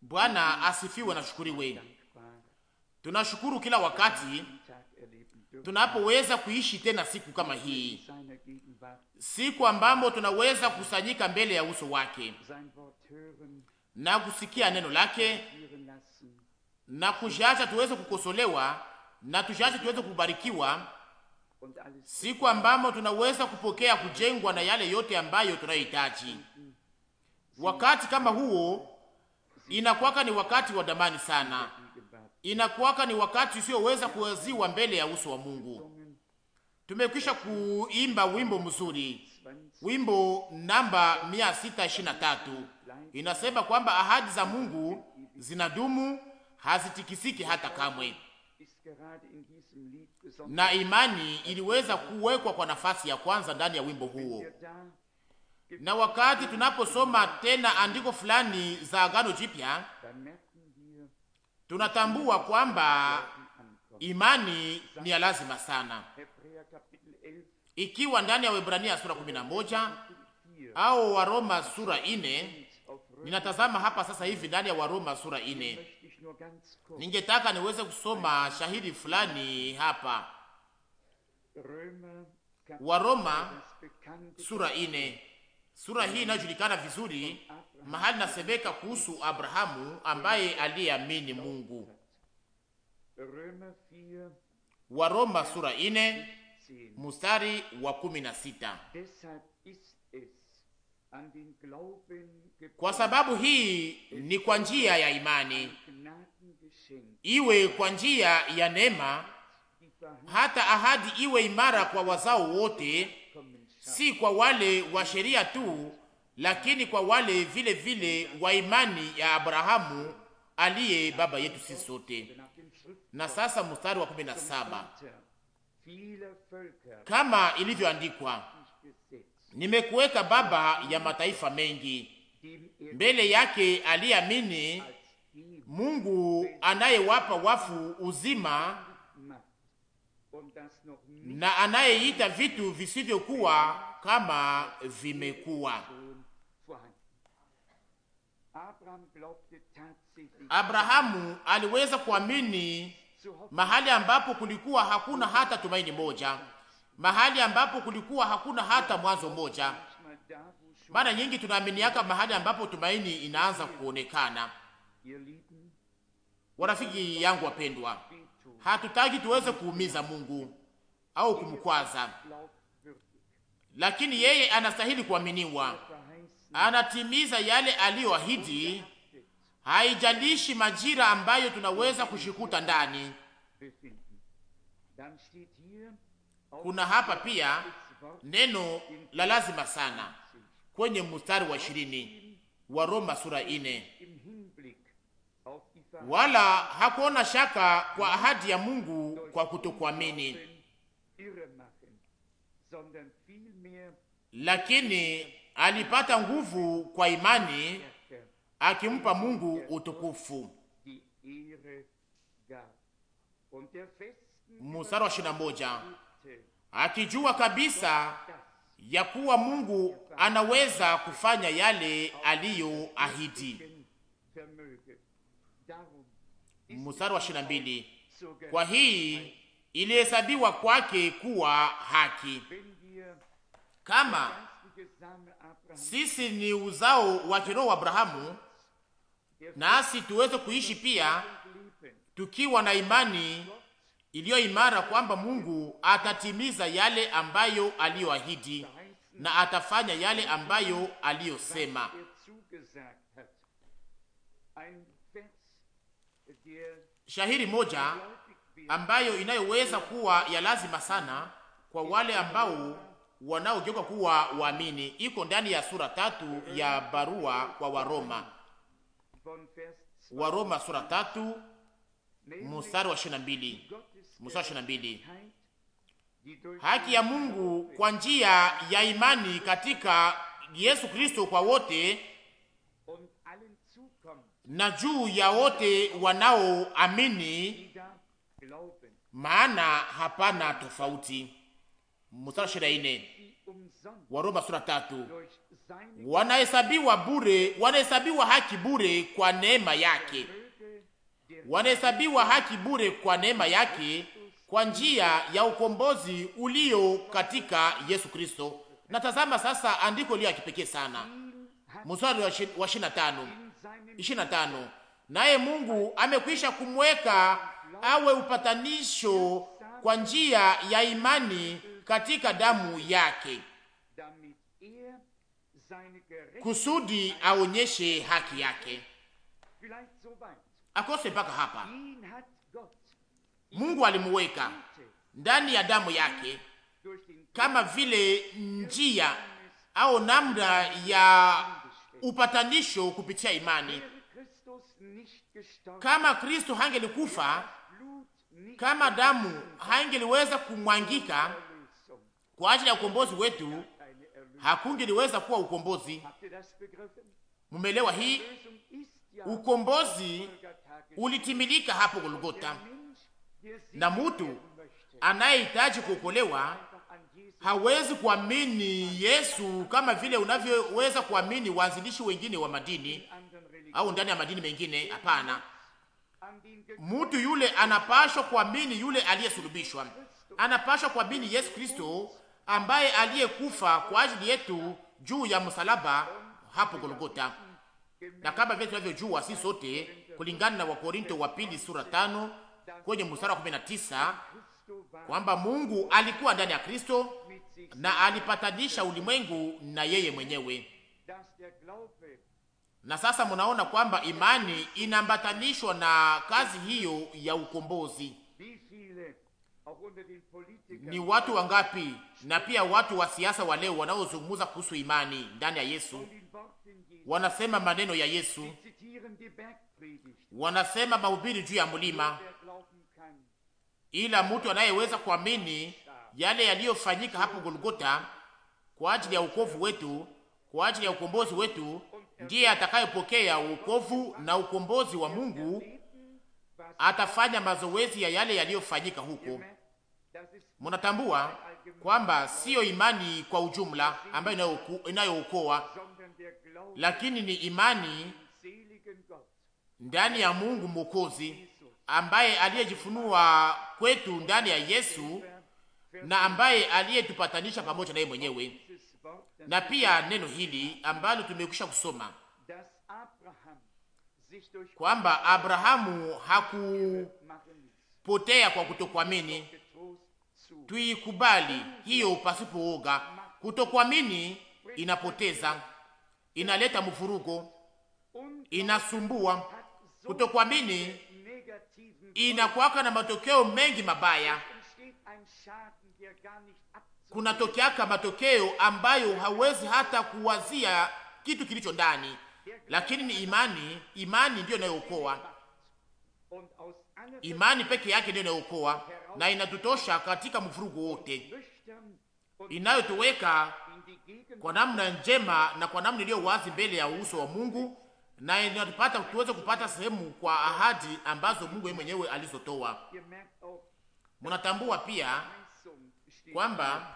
Bwana asifiwe na shukuriwe. Tunashukuru kila wakati tunapoweza kuishi tena siku kama hii, siku ambamo tunaweza kusanyika mbele ya uso wake na kusikia neno lake na kushaacha tuweze kukosolewa na tushaacha tuweze kubarikiwa siku ambamo tunaweza kupokea kujengwa na yale yote ambayo tunayohitaji. Wakati kama huo inakuwaka ni wakati wa damani sana, inakuwaka ni wakati usioweza kuwaziwa mbele ya uso wa Mungu. Tumekwisha kuimba wimbo mzuri, wimbo namba 623 inasema kwamba ahadi za Mungu zinadumu, hazitikisiki hata kamwe na imani iliweza kuwekwa kwa nafasi ya kwanza ndani ya wimbo huo. Na wakati tunaposoma tena andiko fulani za Agano Jipya, tunatambua kwamba imani ni ya lazima sana, ikiwa ndani ya Waebrania sura 11 au Waroma sura 4. Ninatazama hapa sasa hivi ndani ya Waroma sura 4 Ningetaka niweze kusoma shahidi fulani hapa. Waroma sura ine. Sura hii inajulikana vizuri, mahali nasemeka kuhusu Abrahamu ambaye aliyeamini Mungu. Waroma sura ine mustari wa kumi na sita. Kwa sababu hii ni kwa njia ya imani, iwe kwa njia ya neema, hata ahadi iwe imara kwa wazao wote, si kwa wale wa sheria tu, lakini kwa wale vile vile wa imani ya Abrahamu aliye baba yetu sisi sote. Na sasa mstari wa kumi na saba kama ilivyoandikwa, nimekuweka baba ya mataifa mengi mbele yake aliamini Mungu anayewapa wafu uzima na anayeita vitu visivyokuwa kama vimekuwa. Abrahamu aliweza kuamini mahali ambapo kulikuwa hakuna hata tumaini moja, mahali ambapo kulikuwa hakuna hata mwanzo moja. Mara nyingi tunaaminiaka mahali ambapo tumaini inaanza kuonekana. Warafiki yangu wapendwa, hatutaki tuweze kuumiza Mungu au kumkwaza, lakini yeye anastahili kuaminiwa. Anatimiza yale aliyoahidi, haijalishi majira ambayo tunaweza kushikuta ndani. Kuna hapa pia neno la lazima sana kwenye mstari wa ishirini wa Roma sura ine. Wala hakuona shaka kwa ahadi ya Mungu kwa kutokuamini, lakini alipata nguvu kwa imani, akimpa Mungu utukufu. Mstari wa ishirini na moja akijua kabisa ya kuwa Mungu anaweza kufanya yale aliyoahidi. Mstari wa ishirini kwa hii ilihesabiwa kwake kuwa haki. Kama sisi ni uzao wa kiroho wa Abrahamu, nasi tuweze kuishi pia tukiwa na imani iliyo imara kwamba Mungu atatimiza yale ambayo aliyoahidi na atafanya yale ambayo aliyosema. Shahiri moja ambayo inayoweza kuwa ya lazima sana kwa wale ambao wanaogeuka kuwa waamini iko ndani ya sura tatu ya barua kwa Waroma. Waroma sura tatu mstari wa 22, mstari wa haki ya Mungu kwa njia ya imani katika Yesu Kristo kwa wote na juu ya wote wanaoamini, maana hapana tofauti. Mstari ishirini na nne Waroma sura tatu. Wanahesabiwa bure, wanahesabiwa haki bure kwa neema yake, wanahesabiwa haki bure kwa neema yake kwa njia ya ukombozi ulio katika Yesu Kristo. Na tazama sasa andiko lio ya kipekee sana, mstari wa 25, 25, na tano naye Mungu amekwisha kumweka awe upatanisho kwa njia ya imani katika damu yake kusudi aonyeshe haki yake. Akose mpaka hapa Mungu alimuweka ndani ya damu yake kama vile njia au namna ya upatanisho kupitia imani. Kama Kristo hangelikufa, kama damu haingeliweza kumwangika kwa ajili ya ukombozi wetu, hakungeliweza kuwa ukombozi. Mumelewa hii? Ukombozi ulitimilika hapo Golgota na mutu anayehitaji kuokolewa hawezi kuamini Yesu kama vile unavyoweza kuamini waanzilishi wengine wa madini au ndani ya madini mengine. Hapana, mtu yule anapashwa kuamini yule aliyesulubishwa, anapashwa kuamini Yesu Kristo ambaye aliyekufa kwa ajili yetu juu ya msalaba hapo Golgota. Na kama vile tunavyojua sisi sote kulingana na Wakorinto wa pili sura tano kwenye mstari wa 19 kwamba Mungu alikuwa ndani ya Kristo na alipatanisha ulimwengu na yeye mwenyewe. Na sasa mnaona kwamba imani inaambatanishwa na kazi hiyo ya ukombozi. Ni watu wangapi na pia watu wa siasa wa leo wanaozungumza kuhusu imani ndani ya Yesu, wanasema maneno ya Yesu, wanasema mahubiri juu ya mlima ila mtu anayeweza kuamini yale yaliyofanyika hapo Golgota kwa ajili ya ukovu wetu, kwa ajili ya ukombozi wetu, ndiye atakayepokea ukovu na ukombozi wa Mungu. Atafanya mazoezi ya yale yaliyofanyika huko. Mnatambua kwamba siyo imani kwa ujumla ambayo inayookoa, lakini ni imani ndani ya Mungu Mwokozi ambaye aliyejifunua kwetu ndani ya Yesu na ambaye aliyetupatanisha pamoja naye mwenyewe, na pia neno hili ambalo tumekwisha kusoma kwamba Abrahamu hakupotea kwa kutokuamini. Tuikubali hiyo pasipo oga. Kutokuamini inapoteza, inaleta mvurugo, inasumbua. Kutokuamini inakuwaka na matokeo mengi mabaya, kunatokeaka matokeo ambayo hawezi hata kuwazia kitu kilicho ndani, lakini ni imani. Imani ndiyo inayookoa, imani peke yake ndiyo inayookoa na inatutosha katika mvurugo wote, inayotuweka kwa namna njema na kwa namna iliyo wazi mbele ya uso wa Mungu na inatupata tuweze kupata sehemu kwa ahadi ambazo Mungu yeye mwenyewe alizotoa. Mnatambua pia kwamba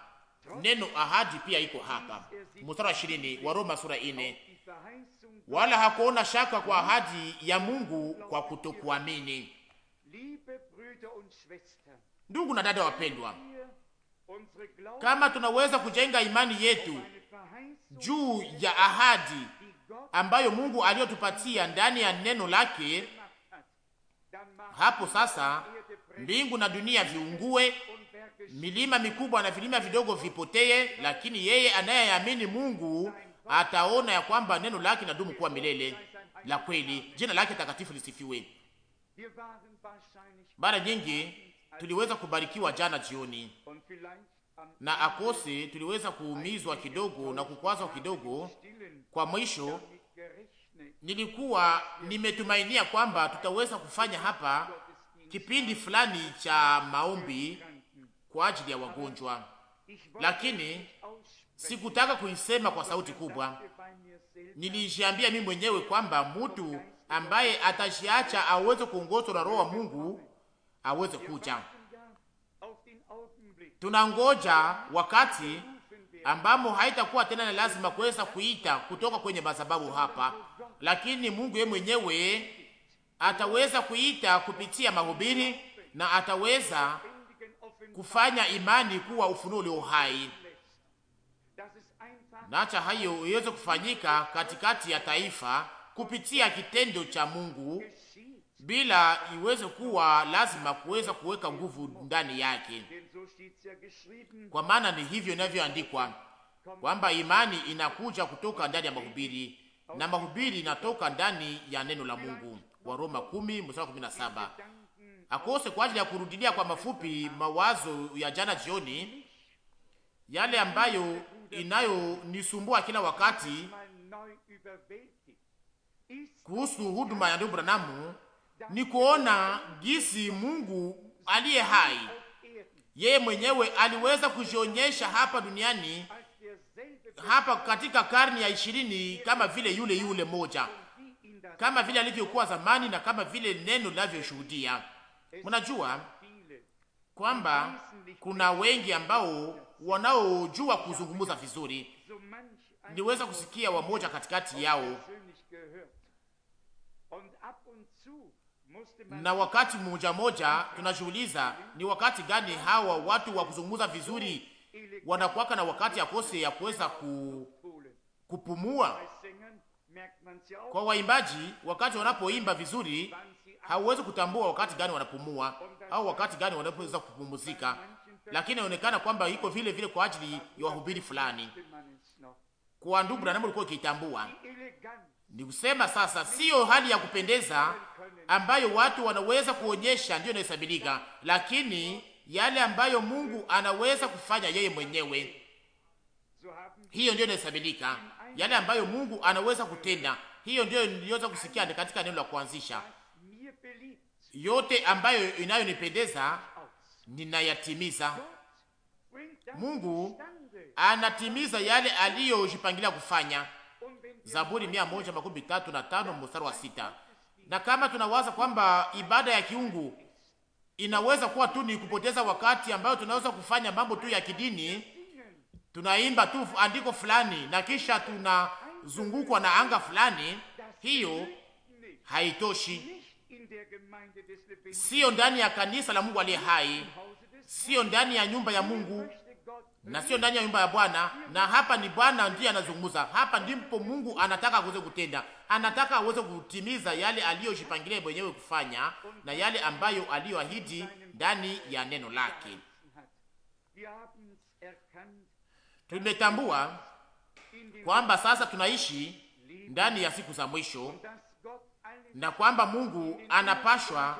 neno ahadi pia iko hapa, mstari wa ishirini wa Roma sura ine, wala hakuona shaka kwa ahadi ya Mungu kwa kutokuamini. Ndugu na dada wapendwa, kama tunaweza kujenga imani yetu juu ya ahadi ambayo Mungu aliyotupatia ndani ya neno lake, hapo sasa mbingu na dunia viungue, milima mikubwa na vilima vidogo vipotee, lakini yeye anayeamini Mungu ataona ya kwamba neno lake nadumu kuwa milele la kweli. Jina lake takatifu lisifiwe. Mara nyingi tuliweza kubarikiwa jana jioni, na akose tuliweza kuumizwa kidogo na kukwazwa kidogo kwa mwisho nilikuwa nimetumainia kwamba tutaweza kufanya hapa kipindi fulani cha maombi kwa ajili ya wagonjwa, lakini sikutaka kuisema kwa sauti kubwa. Nilijiambia mimi mwenyewe kwamba mtu ambaye atajiacha aweze kuongozwa na Roho wa Mungu aweze kuja. Tunangoja wakati ambamo haitakuwa tena na lazima kuweza kuita kutoka kwenye mazababu hapa, lakini Mungu yeye mwenyewe ataweza kuita kupitia mahubiri na ataweza kufanya imani kuwa ufunuo ulio hai, nacha hayo iweze kufanyika katikati ya taifa kupitia kitendo cha Mungu bila iweze kuwa lazima kuweza kuweka nguvu ndani yake. Kwa maana ni hivyo inavyoandikwa kwamba imani inakuja kutoka ndani ya mahubiri na mahubiri inatoka ndani ya neno la Mungu. Waroma 10 Akose kwa ajili ya kurudilia kwa mafupi mawazo ya jana jioni, yale ambayo inayonisumbua kila wakati kuhusu huduma ya ndugu Branamu ni kuona gisi Mungu aliye hai yeye mwenyewe aliweza kujionyesha hapa duniani hapa katika karne ya ishirini kama vile yule yule moja, kama vile alivyokuwa zamani na kama vile neno linavyoshuhudia. Mnajua kwamba kuna wengi ambao wanaojua kuzungumza vizuri, niweza kusikia wamoja katikati yao na wakati mmoja moja tunajiuliza ni wakati gani hawa watu wa kuzungumza vizuri wanakuwaka na wakati ya kose ya kuweza ku, kupumua. Kwa waimbaji, wakati wanapoimba vizuri hauwezi kutambua wakati gani wanapumua au wakati gani wanapoweza kupumzika, lakini inaonekana kwamba iko vile vile kwa ajili ya wahubiri fulani. Kwa ndugu Branham alikuwa akiitambua ni kusema sasa, siyo hali ya kupendeza ambayo watu wanaweza kuonyesha ndiyo inahesabilika, lakini yale ambayo Mungu anaweza kufanya yeye mwenyewe, hiyo ndiyo inahesabilika. Yale ambayo Mungu anaweza kutenda, hiyo ndiyo niliweza kusikia katika neno la kuanzisha. Yote ambayo inayonipendeza ninayatimiza. Mungu anatimiza yale aliyojipangilia kufanya Zaburi mia moja makumi tatu na tano mstari wa sita. Na kama tunawaza kwamba ibada ya kiungu inaweza kuwa tu ni kupoteza wakati ambayo tunaweza kufanya mambo tu ya kidini, tunaimba tu andiko fulani na kisha tunazungukwa na anga fulani, hiyo haitoshi siyo ndani ya kanisa la Mungu aliye hai, siyo ndani ya nyumba ya Mungu na sio ndani ya nyumba ya Bwana. Na hapa ni Bwana ndiye anazungumza hapa, ndipo Mungu anataka aweze kutenda, anataka aweze kutimiza yale aliyojipangilia mwenyewe kufanya na yale ambayo aliyoahidi ndani ya neno lake. Tumetambua kwamba sasa tunaishi ndani ya siku za mwisho na kwamba Mungu anapashwa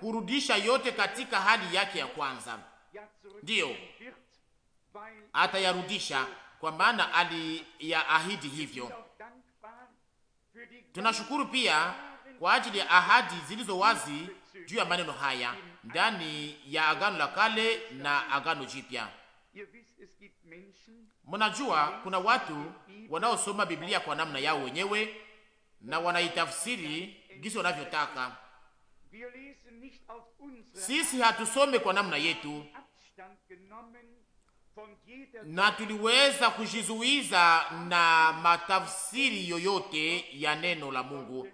kurudisha yote katika hali yake ya kwanza. Ndiyo, atayarudisha kwa maana aliyaahidi hivyo. Tunashukuru pia kwa ajili ya ahadi zilizo wazi juu ya maneno haya ndani ya Agano la Kale na Agano Jipya. Mnajua kuna watu wanaosoma Biblia kwa namna yao wenyewe na wanaitafsiri jinsi wanavyotaka. Sisi hatusome kwa namna yetu, na tuliweza kujizuiza na matafsiri yoyote ya neno la Mungu,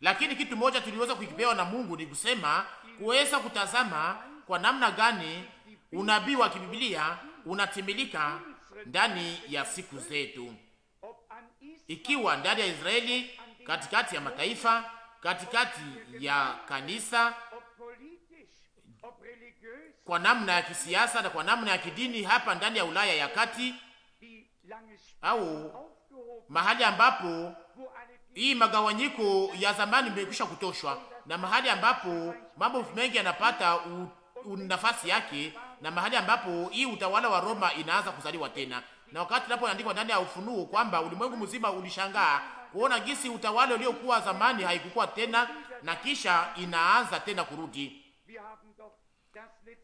lakini kitu moja tuliweza kukipewa na Mungu ni kusema kuweza kutazama kwa namna gani unabii wa kibibilia unatimilika ndani ya siku zetu, ikiwa ndani ya Israeli, katikati ya mataifa katikati ya kanisa kwa namna ya kisiasa na kwa namna ya kidini hapa ndani ya Ulaya ya kati au mahali ambapo hii magawanyiko ya zamani imekwisha kutoshwa na mahali ambapo mambo mengi yanapata nafasi yake na mahali ambapo hii utawala wa Roma inaanza kuzaliwa tena, na wakati napoandikwa ndani ya Ufunuo kwamba ulimwengu mzima ulishangaa kuona gisi utawala uliokuwa zamani haikukuwa tena, na kisha inaanza tena kurudi.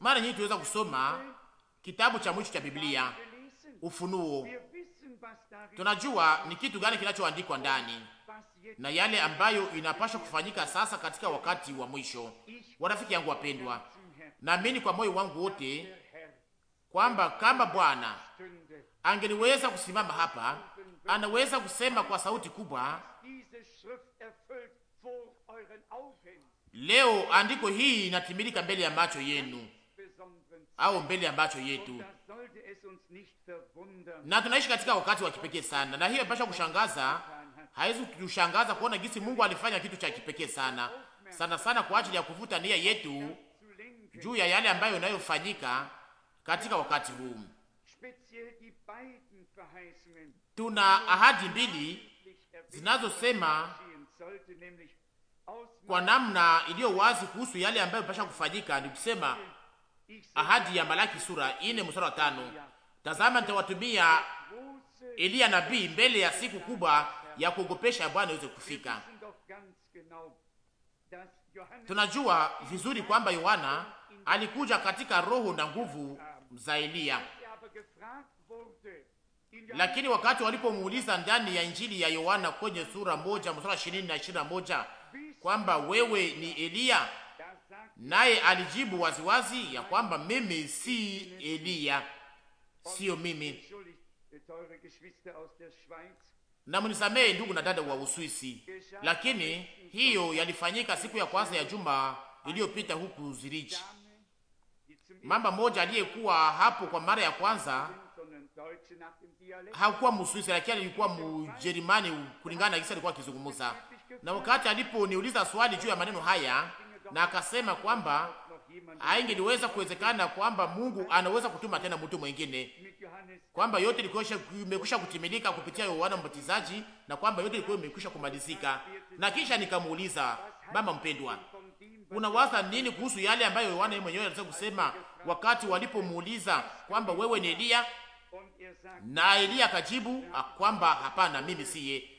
Mara nyingi tuweza kusoma kitabu cha mwisho cha Biblia, Ufunuo. Tunajua ni kitu gani kinachoandikwa ndani na yale ambayo inapaswa kufanyika sasa katika wakati wa mwisho. Warafiki yangu wapendwa, naamini kwa moyo wangu wote kwamba kama Bwana angeliweza kusimama hapa anaweza kusema kwa sauti kubwa, leo andiko hii inatimilika mbele ya macho yenu au mbele ya macho yetu. Na tunaishi katika wakati wa kipekee sana, na hiyo inapaswa kushangaza, haiwezi kutushangaza kuona jinsi Mungu alifanya kitu cha kipekee sana sana sana kwa ajili ya kuvuta nia yetu juu ya yale ambayo inayofanyika katika wakati huu tuna ahadi mbili zinazosema kwa namna iliyo wazi kuhusu yale ambayo pasha kufanyika, ni kusema ahadi ya Malaki sura ine mstari wa tano tazama nitawatumia Eliya nabii mbele ya siku kubwa ya kuogopesha ya Bwana iweze kufika. Tunajua vizuri kwamba Yohana alikuja katika roho na nguvu za Eliya, lakini wakati walipomuuliza ndani ya Injili ya Yohana kwenye sura moja mstari ishirini na ishirini na moja kwamba wewe ni Eliya, naye alijibu waziwazi wazi ya kwamba mimi si Eliya, siyo mimi. Na mnisamehe ndugu na dada wa Uswisi, lakini hiyo yalifanyika siku ya kwanza ya juma iliyopita huku Zurich. Mama moja aliyekuwa hapo kwa mara ya kwanza hakuwa Mswisi, lakini alikuwa Mjerumani kulingana na kisa alikuwa akizungumza. Na wakati aliponiuliza swali juu ya maneno haya, na akasema kwamba haingeliweza kuwezekana kwamba Mungu anaweza kutuma tena mtu mwingine, kwamba yote imekwisha kutimilika kupitia Yohana Mbatizaji na kwamba yote ilikuwa imekwisha kumalizika. Na kisha nikamuuliza, mama mpendwa, unawaza nini kuhusu yale ambayo Yohana mwenyewe alitaka kusema wakati walipomuuliza kwamba wewe ni Eliya? Na Eliya akajibu kwamba hapana, mimi siye.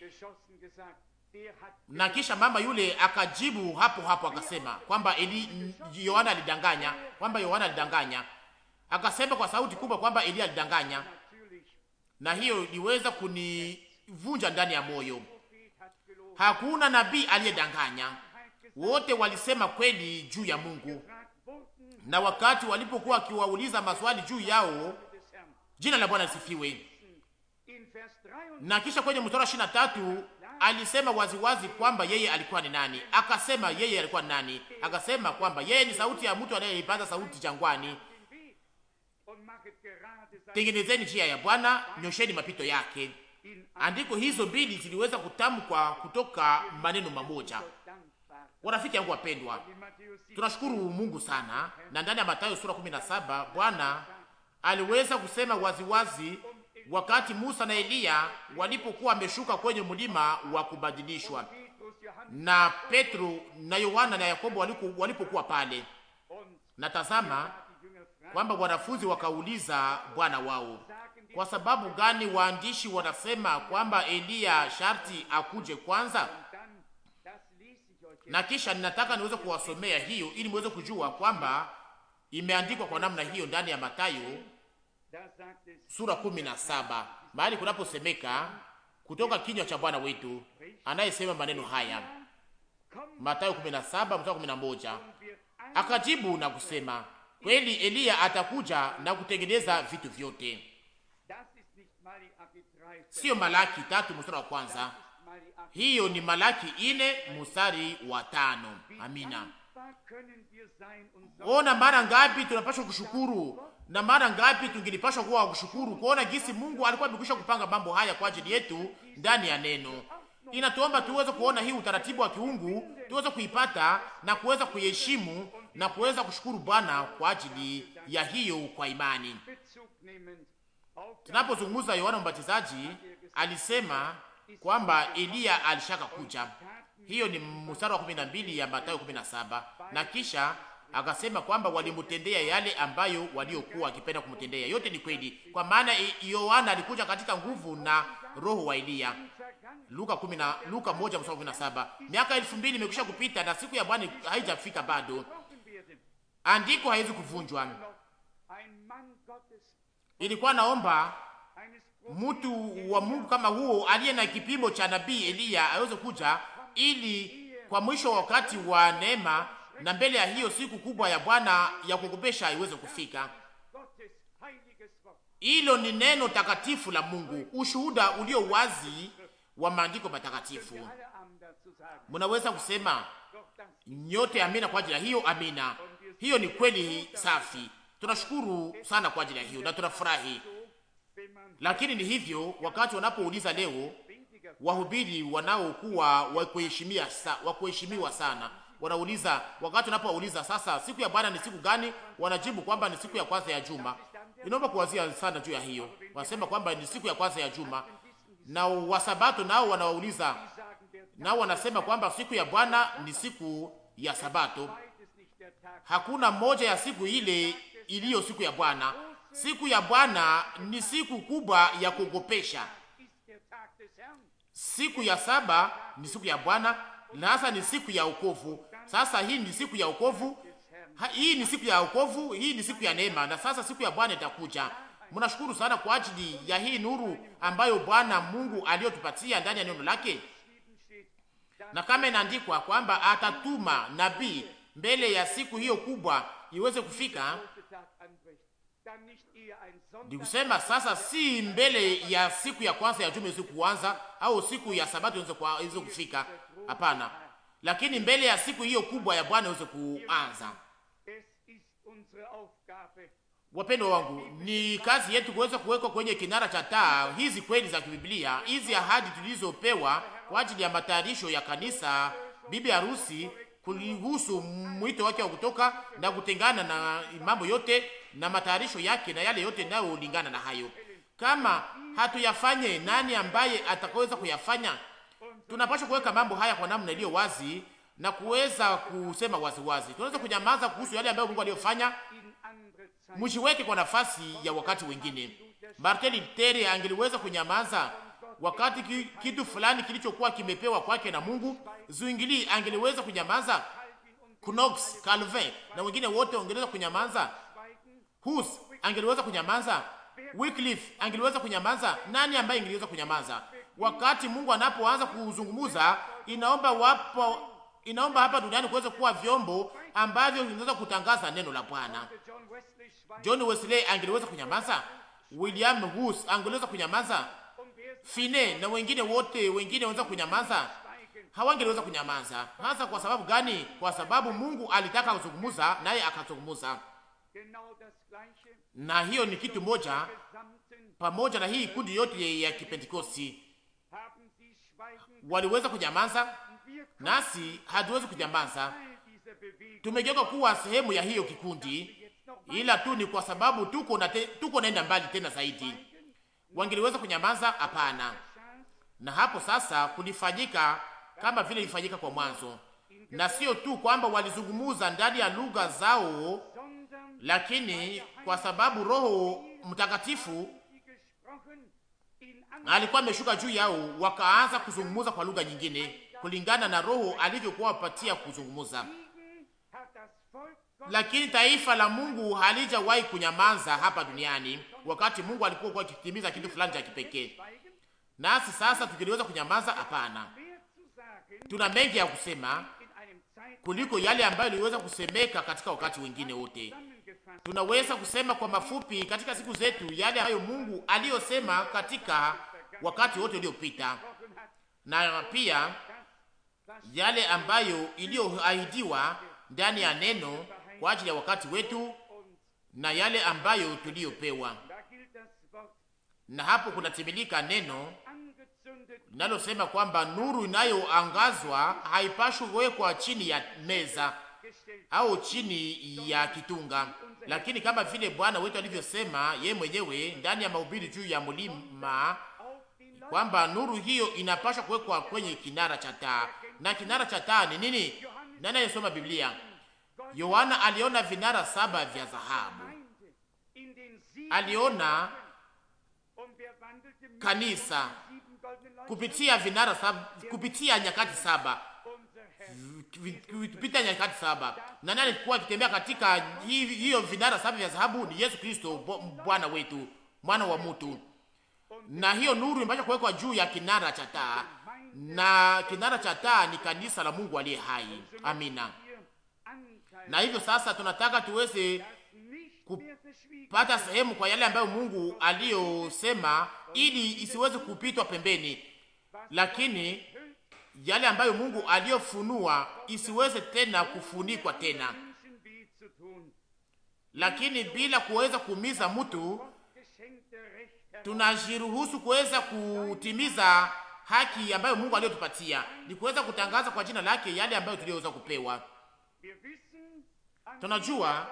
Na kisha mama yule akajibu hapo hapo akasema kwamba Eli Yohana alidanganya, kwamba Yohana alidanganya. Akasema kwa sauti kubwa kwamba Eliya alidanganya, na hiyo iliweza kunivunja ndani ya moyo. Hakuna nabii aliyedanganya, wote walisema kweli juu ya Mungu. Na wakati walipokuwa wakiwauliza maswali juu yao Jina la Bwana lisifiwe. Na kisha kwenye mstari ishirini na tatu alisema waziwazi wazi kwamba yeye alikuwa ni nani. Akasema yeye alikuwa ni nani? Akasema kwamba yeye ni sauti ya mtu anayeipaza sauti jangwani, tengenezeni njia ya Bwana, nyosheni mapito yake. Andiko hizo mbili ziliweza kutamkwa kutoka maneno mamoja. Warafiki yangu wapendwa, tunashukuru Mungu sana, na ndani ya Mathayo sura 17 Bwana aliweza kusema waziwazi wazi, wakati Musa na Eliya walipokuwa wameshuka kwenye mlima wa kubadilishwa, na Petro na Yohana na Yakobo walipokuwa pale, na tazama kwamba wanafunzi wakauliza bwana wao, kwa sababu gani waandishi wanasema kwamba Eliya sharti akuje kwanza? Na kisha ninataka niweze kuwasomea hiyo ili muweze kujua kwamba imeandikwa kwa namna hiyo ndani ya Mathayo sura kumi na saba mahali kunaposemeka kutoka kinywa cha Bwana wetu anayesema maneno haya, Mathayo 17 mstari moja akajibu na kusema kweli, Eliya atakuja na kutengeneza vitu vyote. Siyo Malaki tatu mstari wa kwanza, hiyo ni Malaki ine mstari wa tano. Amina. Ona mara ngapi tunapaswa kushukuru na mara ngapi tungilipashwa kuwa kushukuru kuona jinsi Mungu alikuwa amekwisha kupanga mambo haya kwa ajili yetu ndani ya neno. Inatuomba tuweze kuona hii utaratibu wa kiungu, tuweze kuipata na kuweza kuiheshimu na kuweza kushukuru Bwana kwa ajili ya hiyo kwa imani. Tunapozungumza Yohana Mbatizaji alisema kwamba Eliya alishaka kuja. Hiyo ni mstari wa 12 ya Mathayo 17 na kisha akasema kwamba walimtendea yale ambayo waliokuwa akipenda kumtendea. Yote ni kweli, kwa maana Yohana alikuja katika nguvu na roho wa Eliya, Luka 10 na Luka 1:17. Miaka 2000 imekwisha kupita na siku ya Bwana haijafika bado. Andiko haiwezi kuvunjwa. Ilikuwa naomba mtu wa Mungu kama huo aliye na kipimo cha nabii Eliya aweze kuja ili kwa mwisho wakati wa neema na mbele ya hiyo siku kubwa ya Bwana ya kukopesha iweze kufika. Hilo ni neno takatifu la Mungu, ushuhuda ulio wazi wa maandiko matakatifu. Munaweza kusema nyote amina kwa ajili ya hiyo. Amina, hiyo ni kweli safi. Tunashukuru sana kwa ajili ya hiyo na tunafurahi. Lakini ni hivyo, wakati wanapouliza leo wahubiri wanaokuwa wa kuheshimiwa sana wanauliza, wakati unapouliza sasa, siku ya Bwana ni siku gani, wanajibu kwamba ni siku ya kwanza ya juma. Inaomba kuwazia sana juu ya hiyo, wanasema kwamba ni siku ya kwanza ya juma, na wasabato nao wanawauliza, nao wanasema kwamba siku ya Bwana ni siku ya Sabato. Hakuna moja ya siku ile iliyo siku ya Bwana. Siku ya Bwana ni siku kubwa ya kuogopesha. Siku ya saba ni siku ya Bwana na hasa ni siku ya wokovu. Sasa hii ni siku ya wokovu, hii ni siku ya wokovu, hii ni siku ya neema, na sasa siku ya Bwana itakuja. Mnashukuru sana kwa ajili ya hii nuru ambayo Bwana Mungu aliyotupatia ndani ya neno lake, na kama inaandikwa kwamba atatuma nabii mbele ya siku hiyo kubwa iweze kufika nikusema sasa, si mbele ya siku ya kwanza ya juma iweze kuanza au siku ya sabato iweze kufika. Hapana, lakini mbele ya siku hiyo kubwa ya Bwana iweze kuanza. Wapendwa wangu, ni kazi yetu kuweza kuwekwa kwenye kinara cha taa hizi kweli za kibiblia, hizi ahadi tulizopewa kwa ajili ya matayarisho ya kanisa, bibi harusi, kuhusu mwito wake wa kutoka na kutengana na mambo yote na matayarisho yake na yale yote ulingana na hayo. Kama hatuyafanye, nani ambaye atakaweza kuyafanya? tunapaswa kuweka mambo haya kwa namna iliyo wazi na kuweza kusema waziwazi. Tunaweza kunyamaza kuhusu yale ambayo Mungu aliyofanya, mshiweke kwa nafasi ya wakati wengine. Martin Luther angeliweza kunyamaza wakati kitu fulani kilichokuwa kimepewa kwake na Mungu. Zwingli angeliweza kunyamaza, Knox, Calvin na wengine wote wangeliweza kunyamaza. Hus angeliweza kunyamaza, Wycliffe angeliweza kunyamaza. Nani ambaye ingeliweza kunyamaza? wakati Mungu anapoanza kuzungumuza, inaomba wapo, inaomba hapa duniani kuweza kuwa vyombo ambavyo vinaweza kutangaza neno la Bwana. John Wesley angeliweza kunyamaza? William Hus angeliweza kunyamaza? Fine na wengine wote wengine wanaweza kunyamaza? Hawangeliweza kunyamaza. Hasa kwa sababu gani? Kwa sababu Mungu alitaka kuzungumuza, naye akazungumuza. Na hiyo ni kitu moja pamoja na hii kundi yote ya Kipentekosti waliweza kunyamaza, nasi hatuwezi kunyamaza. Tumegeuka kuwa sehemu ya hiyo kikundi, ila tu ni kwa sababu tuko na tuko naenda mbali tena zaidi. Wangeliweza kunyamaza? Hapana. Na hapo sasa kulifanyika kama vile ilifanyika kwa mwanzo, na sio tu kwamba walizungumuza ndani ya lugha zao, lakini kwa sababu Roho Mtakatifu alikuwa ameshuka juu yao, wakaanza kuzungumuza kwa lugha nyingine kulingana na Roho alivyokuwa wapatia kuzungumuza. Lakini taifa la Mungu halijawahi kunyamaza hapa duniani, wakati Mungu alipokuwa akitimiza kitu fulani cha kipekee. Nasi sasa tukiliweza kunyamaza? Hapana, tuna mengi ya kusema kuliko yale ambayo iliweza kusemeka katika wakati wengine wote tunaweza kusema kwa mafupi katika siku zetu yale ambayo Mungu aliyosema katika wakati wote uliopita, na pia yale ambayo iliyoahidiwa ndani ya neno kwa ajili ya wakati wetu na yale ambayo tuliyopewa. Na hapo kunatimilika neno linalosema kwamba nuru inayoangazwa haipashwi kuwekwa chini ya meza au chini ya kitunga lakini kama vile Bwana wetu alivyosema ye mwenyewe ndani ya mahubiri juu ya mlima kwamba nuru hiyo inapaswa kuwekwa kwenye kinara cha taa. Na kinara cha taa ni nini? Nani anayesoma Biblia? Yohana aliona vinara saba vya dhahabu, aliona kanisa kupitia vinara saba, kupitia nyakati saba vilipita nyakati saba. Na nani alikuwa akitembea katika hiyo vinara saba vya dhahabu? Ni Yesu Kristo Bwana wetu, mwana wa mtu. Na hiyo nuru imbacho kuwekwa juu ya kinara cha taa, na kinara cha taa ni kanisa la Mungu aliye hai. Amina. Na hivyo sasa tunataka tuweze kupata sehemu kwa yale ambayo Mungu aliyosema, ili isiweze kupitwa pembeni, lakini yale ambayo Mungu aliyofunua isiweze tena kufunikwa tena, lakini bila kuweza kuumiza mtu, tunajiruhusu kuweza kutimiza haki ambayo Mungu aliyotupatia, ni kuweza kutangaza kwa jina lake yale ambayo tuliyoweza kupewa. Tunajua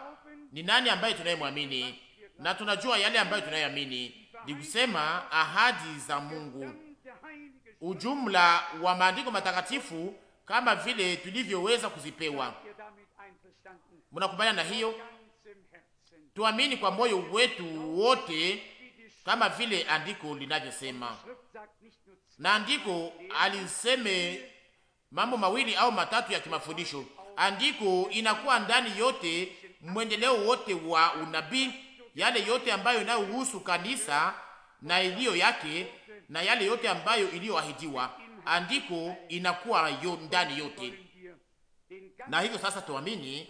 ni nani ambaye tunayemwamini na tunajua yale ambayo tunayoamini, ni kusema ahadi za Mungu ujumla wa maandiko matakatifu kama vile tulivyoweza kuzipewa. Mnakubaliana na hiyo? Tuamini kwa moyo wetu wote kama vile andiko linavyosema, na andiko aliseme mambo mawili au matatu ya kimafundisho. Andiko inakuwa ndani yote mwendeleo wote wa unabii, yale yote ambayo inayohusu kanisa na iliyo yake na yale yote ambayo iliyoahidiwa andiko inakuwa yo ndani yote. Na hivyo sasa tuamini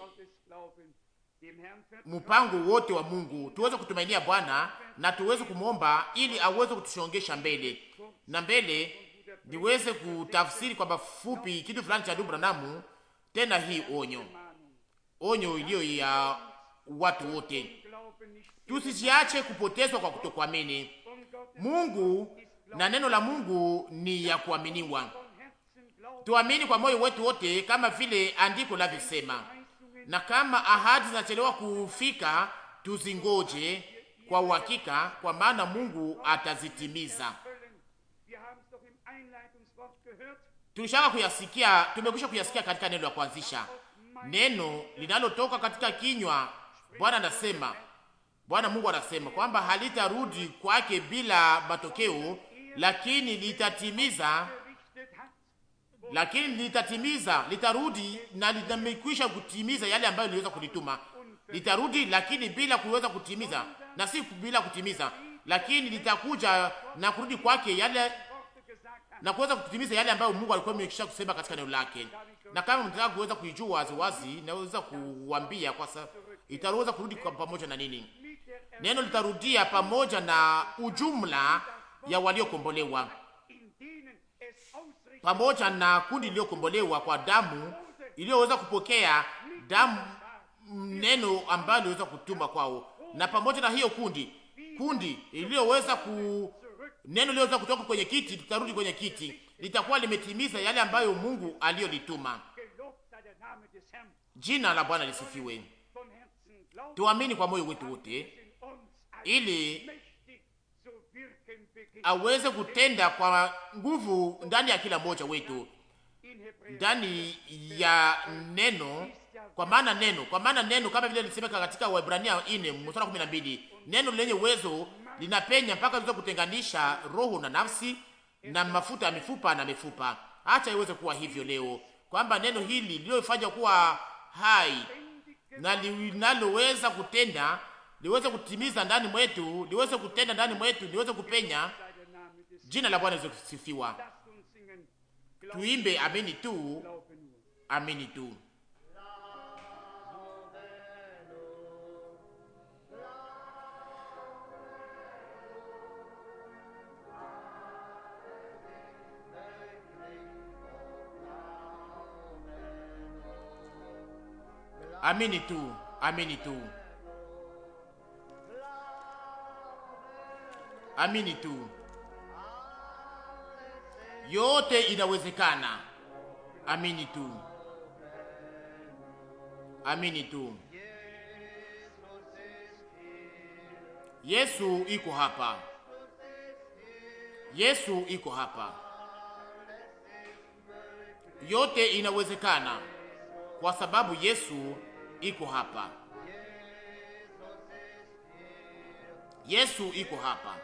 mpango wote wa Mungu, tuweze kutumainia Bwana na tuweze kumwomba ili aweze kutushongesha mbele na mbele. Niweze kutafsiri kwa mafupi kitu fulani cha ndugu Branamu, tena hii onyo, onyo iliyo ya watu wote, tusijiache kupotezwa kwa kutokuamini. Mungu na neno la Mungu ni ya kuaminiwa. Tuamini kwa moyo wetu wote kama vile andiko lavisema, na kama ahadi zinachelewa kufika, tuzingoje kwa uhakika, kwa maana Mungu atazitimiza. Tulishaka kuyasikia, tumekwisha kuyasikia katika neno la kuanzisha, neno linalotoka katika kinywa. Bwana anasema, Bwana Mungu anasema kwamba halitarudi kwake bila matokeo lakini litatimiza lakini litatimiza, litarudi na litamekwisha kutimiza yale ambayo liweza kulituma. Litarudi lakini bila kuweza kutimiza, na si bila kutimiza, lakini litakuja na kurudi kwake yale na kuweza kutimiza yale ambayo Mungu alikuwa amekisha kusema katika neno lake. Na kama mtaka kuweza kuijua wazi wazi, naweza kuambia kwa sababu itaweza kurudi kwa pamoja na nini, neno litarudia pamoja na ujumla ya waliokombolewa pamoja na kundi lililokombolewa kwa damu iliyoweza kupokea damu, neno ambalo liliweza kutuma kwao, na pamoja na hiyo kundi kundi iliyoweza ku neno liliweza kutoka kwenye kiti, tutarudi kwenye kiti, litakuwa limetimiza yale ambayo Mungu aliyolituma. Jina la Bwana lisifiwe. Tuamini kwa moyo wetu wote ili aweze kutenda kwa nguvu ndani ya kila mmoja wetu, ndani ya neno, kwa maana neno, kwa maana neno, kama vile lisemeka katika Waebrania 4 mstari 12, neno lenye uwezo linapenya mpaka liweze kutenganisha roho na nafsi na mafuta ya mifupa na mifupa. Acha iweze kuwa hivyo leo, kwamba neno hili lilofanya kuwa hai na linaloweza kutenda liweze kutimiza ndani mwetu, liweze kutenda ndani mwetu, liweze kupenya Jina la Bwana lisifiwa. Tuimbe amini tu, amini tu. Amini tu, amini tu, amini tu yote inawezekana. Amini tu, amini tu. Yesu iko hapa, Yesu iko hapa. Yote inawezekana kwa sababu Yesu iko hapa, Yesu iko hapa.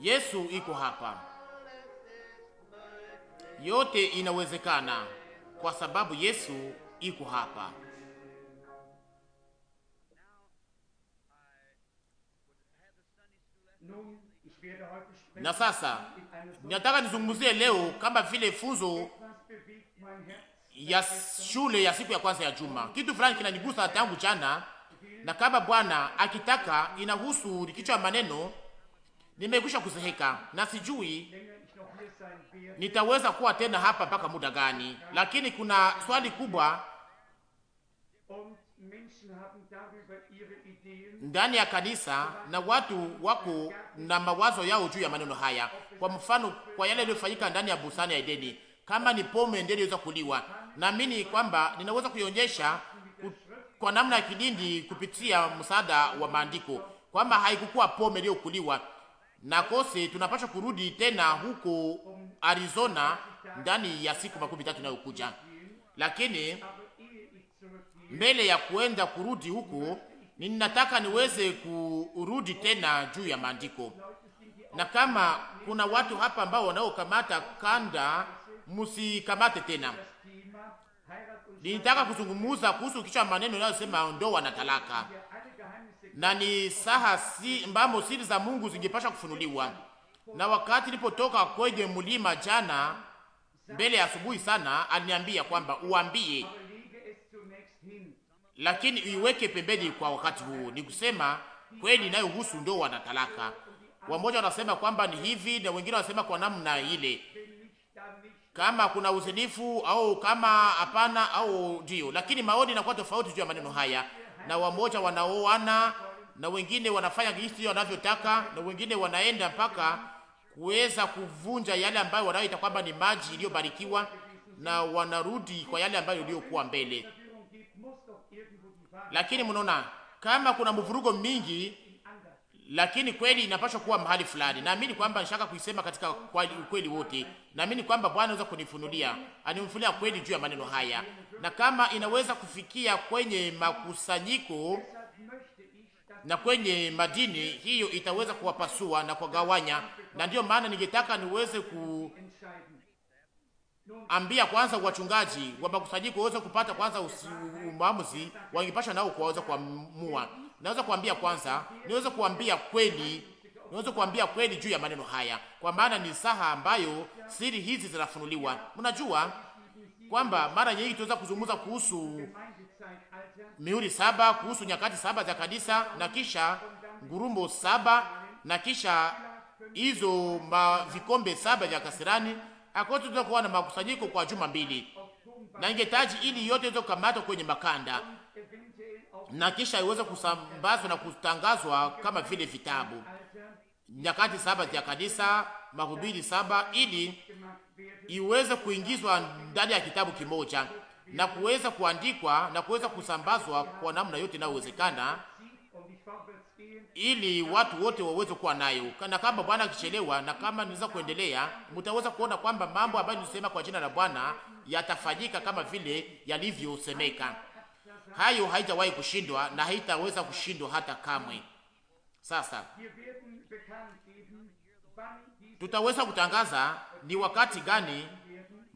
Yesu iko hapa, yote inawezekana kwa sababu Yesu iko hapa. Na sasa nataka nizungumzie leo kama vile funzo ya shule ya siku ya kwanza ya juma. Kitu fulani kinanigusa tangu jana, na kama Bwana akitaka inahusu kichwa ya maneno Nimekwisha kuzeheka na sijui nitaweza kuwa tena hapa mpaka muda gani, lakini kuna swali kubwa um, ndani ya kanisa na watu wako na mawazo yao juu ya maneno haya. Kwa mfano, kwa yale yaliyofanyika ndani ya bustani ya Edeni, kama ni pome ndiyo iliweza kuliwa, naamini kwamba ninaweza kuionyesha kwa namna ya kidindi kupitia msaada wa maandiko kwamba haikukuwa pome iliyokuliwa na kose tunapaswa kurudi tena huko Arizona ndani ya siku makumi tatu inayokuja, lakini mbele ya kuenda kurudi huko ninataka niweze kurudi tena juu ya maandiko, na kama kuna watu hapa ambao wanaokamata kanda, musikamate tena. Ninataka kuzungumuza kuhusu kichwa maneno yanayosema ndoa na talaka na ni saha si mbamo siri za Mungu zingepasha kufunuliwa. Na wakati nilipotoka kwenye mlima jana mbele ya asubuhi sana, aliniambia kwamba uambie, lakini uiweke pembeni kwa wakati huu. Ni kusema kweli inayohusu ndoa na talaka. Wamoja wanasema kwamba ni hivi na wengine wanasema kwa namna ile, kama kuna uzinifu au kama hapana au ndio, lakini maoni inakuwa tofauti juu ya maneno haya, na wamoja wanaoana na wengine wanafanya jinsi wanavyotaka, na wengine wanaenda mpaka kuweza kuvunja yale ambayo wanaoita kwamba ni maji iliyobarikiwa, na wanarudi kwa yale ambayo iliyokuwa mbele. Lakini mnaona kama kuna mvurugo mingi, lakini kweli inapaswa kuwa mahali fulani. Naamini kwamba nishaka kuisema katika ukweli wote. Naamini kwamba Bwana anaweza kunifunulia, anifunulia kweli juu ya maneno haya, na kama inaweza kufikia kwenye makusanyiko na kwenye madini hiyo itaweza kuwapasua na kuwagawanya, na ndiyo maana ningetaka niweze kuambia kwanza wachungaji wa makusanyiko waweze kupata kwanza umaamuzi, wangepasha nao kuweza kuamua. Naweza kuambia kwanza, niweze kuambia kweli, niweze kuambia kweli juu ya maneno haya, kwa maana ni saha ambayo siri hizi zinafunuliwa. Mnajua kwamba mara nyingi tunaweza kuzungumza kuhusu mihuri saba kuhusu nyakati saba za kanisa, na kisha ngurumbo saba, na kisha hizo vikombe saba vya kasirani Akoto tutakuwa na makusanyiko kwa juma mbili, na ingetaji ili yote iweze kukamatwa kwenye makanda na kisha iweze kusambazwa na kutangazwa kama vile vitabu, nyakati saba za kanisa, mahubiri saba, ili iweze kuingizwa ndani ya kitabu kimoja na kuweza kuandikwa na kuweza kusambazwa kwa namna yote inayowezekana, ili watu wote waweze kuwa nayo. Na kama Bwana akichelewa na kama niweza kuendelea, mtaweza kuona kwamba mambo ambayo nilisema kwa jina la Bwana yatafanyika kama vile yalivyosemeka. Hayo haitawahi kushindwa na haitaweza kushindwa hata kamwe. Sasa tutaweza kutangaza ni wakati gani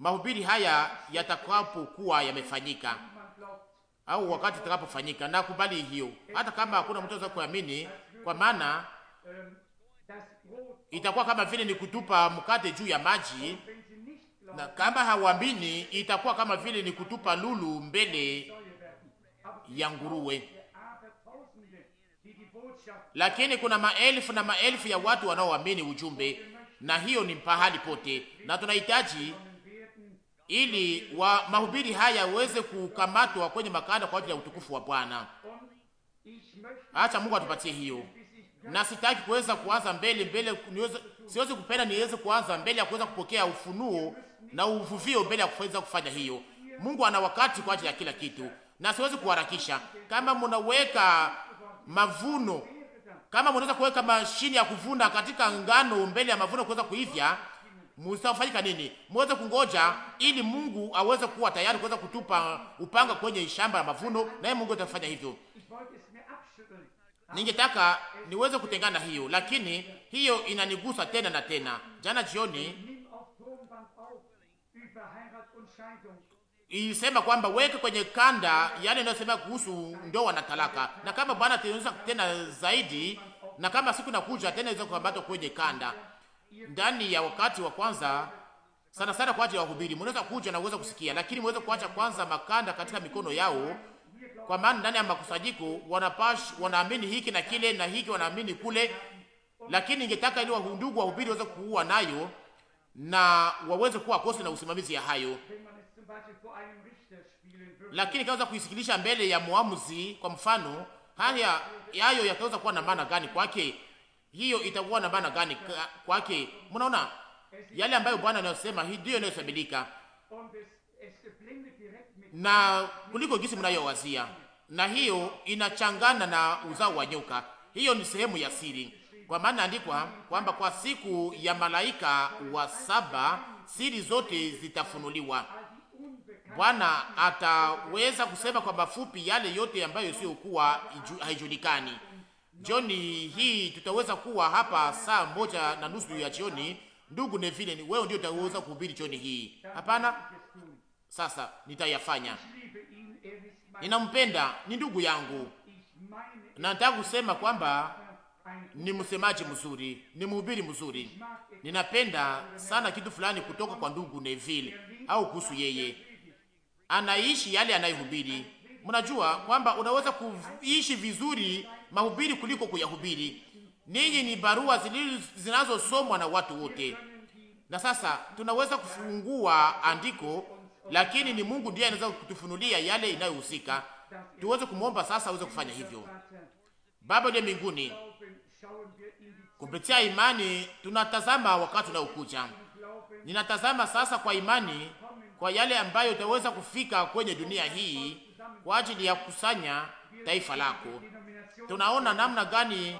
mahubiri haya yatakapokuwa yamefanyika au wakati itakapofanyika, na kubali hiyo, hata kama hakuna mtu anaweza kuamini, kwa maana itakuwa kama vile ni kutupa mkate juu ya maji, na kama hawaamini, itakuwa kama vile ni kutupa lulu mbele ya nguruwe. Lakini kuna maelfu na maelfu ya watu wanaoamini ujumbe, na hiyo ni pahali pote, na tunahitaji ili wa mahubiri haya weze kukamatwa kwenye makanda kwa ajili ya utukufu wa Bwana. Acha Mungu atupatie hiyo, na sitaki kuweza kuanza mbele mbele, siwezi kupenda niweze kuanza mbele ya kuweza kupokea ufunuo na uvuvio mbele ya kuweza kufanya hiyo. Mungu ana wakati kwa ajili ya kila kitu, na siwezi kuharakisha. Kama mnaweka mavuno, kama mnaweza kuweka mashini ya kuvuna katika ngano mbele ya mavuno kuweza kuivya mustafanyika nini, muweze kungoja ili Mungu aweze kuwa tayari kuweza kutupa upanga kwenye shamba la mavuno, naye Mungu atafanya hivyo. Ningetaka niweze kutengana hiyo, lakini hiyo inanigusa tena na tena. Jana jioni ilisema kwamba weke kwenye kanda yale inayosema kuhusu ndoa na talaka, na kama Bwana tena zaidi, na kama siku nakuja tena iweze kuambatwa kwenye kanda ndani ya wakati wa kwanza sana sana kwa ajili ya wahubiri. Mnaweza kuja na uweza kusikia, lakini mweze kuacha kwanza makanda katika mikono yao, kwa maana ndani ya makusajiko wanapash wanaamini hiki na kile na hiki wanaamini kule, lakini ingetaka ili ndugu wahubiri waweze kuua nayo na waweze kuwa kosi na usimamizi ya hayo. Lakini kaweza kuisikilisha mbele ya muamuzi, kwa mfano, haya yayo yataweza kuwa na maana gani kwake? hiyo itakuwa na maana gani kwake? Mnaona yale ambayo Bwana anayosema, hii ndiyo inayosabilika na kuliko jinsi mnayowazia, na hiyo inachangana na uzao wa nyoka. Hiyo ni sehemu ya siri, kwa maana andikwa kwamba kwa siku ya malaika wa saba siri zote zitafunuliwa. Bwana ataweza kusema kwa mafupi yale yote ambayo isiyokuwa haijulikani Jioni hii tutaweza kuwa hapa saa moja na nusu ya jioni. Ndugu Neville, wewe ndio utaweza kuhubiri jioni hii? Hapana, sasa nitayafanya. Ninampenda, ni ndugu yangu, na nataka kusema kwamba ni msemaji mzuri, ni mhubiri mzuri. Ninapenda sana kitu fulani kutoka kwa ndugu Neville au kuhusu yeye, anaishi yale anayohubiri. Mnajua kwamba unaweza kuishi vizuri mahubiri kuliko kuyahubiri. Ninyi ni barua zinazosomwa na watu wote. Na sasa tunaweza kufungua andiko, lakini ni Mungu ndiye anaweza kutufunulia yale inayohusika. Tuweze kumwomba sasa aweze kufanya hivyo. Baba uliye mbinguni, kupitia imani tunatazama wakati unaokuja. Ninatazama sasa kwa imani kwa yale ambayo utaweza kufika kwenye dunia hii kwa ajili ya kukusanya taifa lako. Tunaona namna gani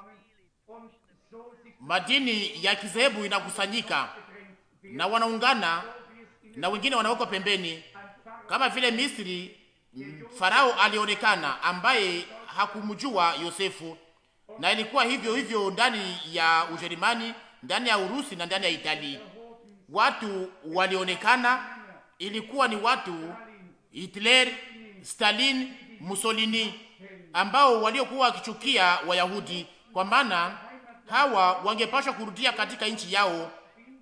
madini ya kizehebu inakusanyika na wanaungana na wengine wanawekwa pembeni, kama vile Misri. Farao alionekana ambaye hakumjua Yosefu, na ilikuwa hivyo hivyo ndani ya Ujerumani, ndani ya Urusi na ndani ya Itali. Watu walionekana, ilikuwa ni watu Hitler, Stalin, Mussolini ambao waliokuwa wakichukia Wayahudi, kwa maana hawa wangepashwa kurudia katika nchi yao.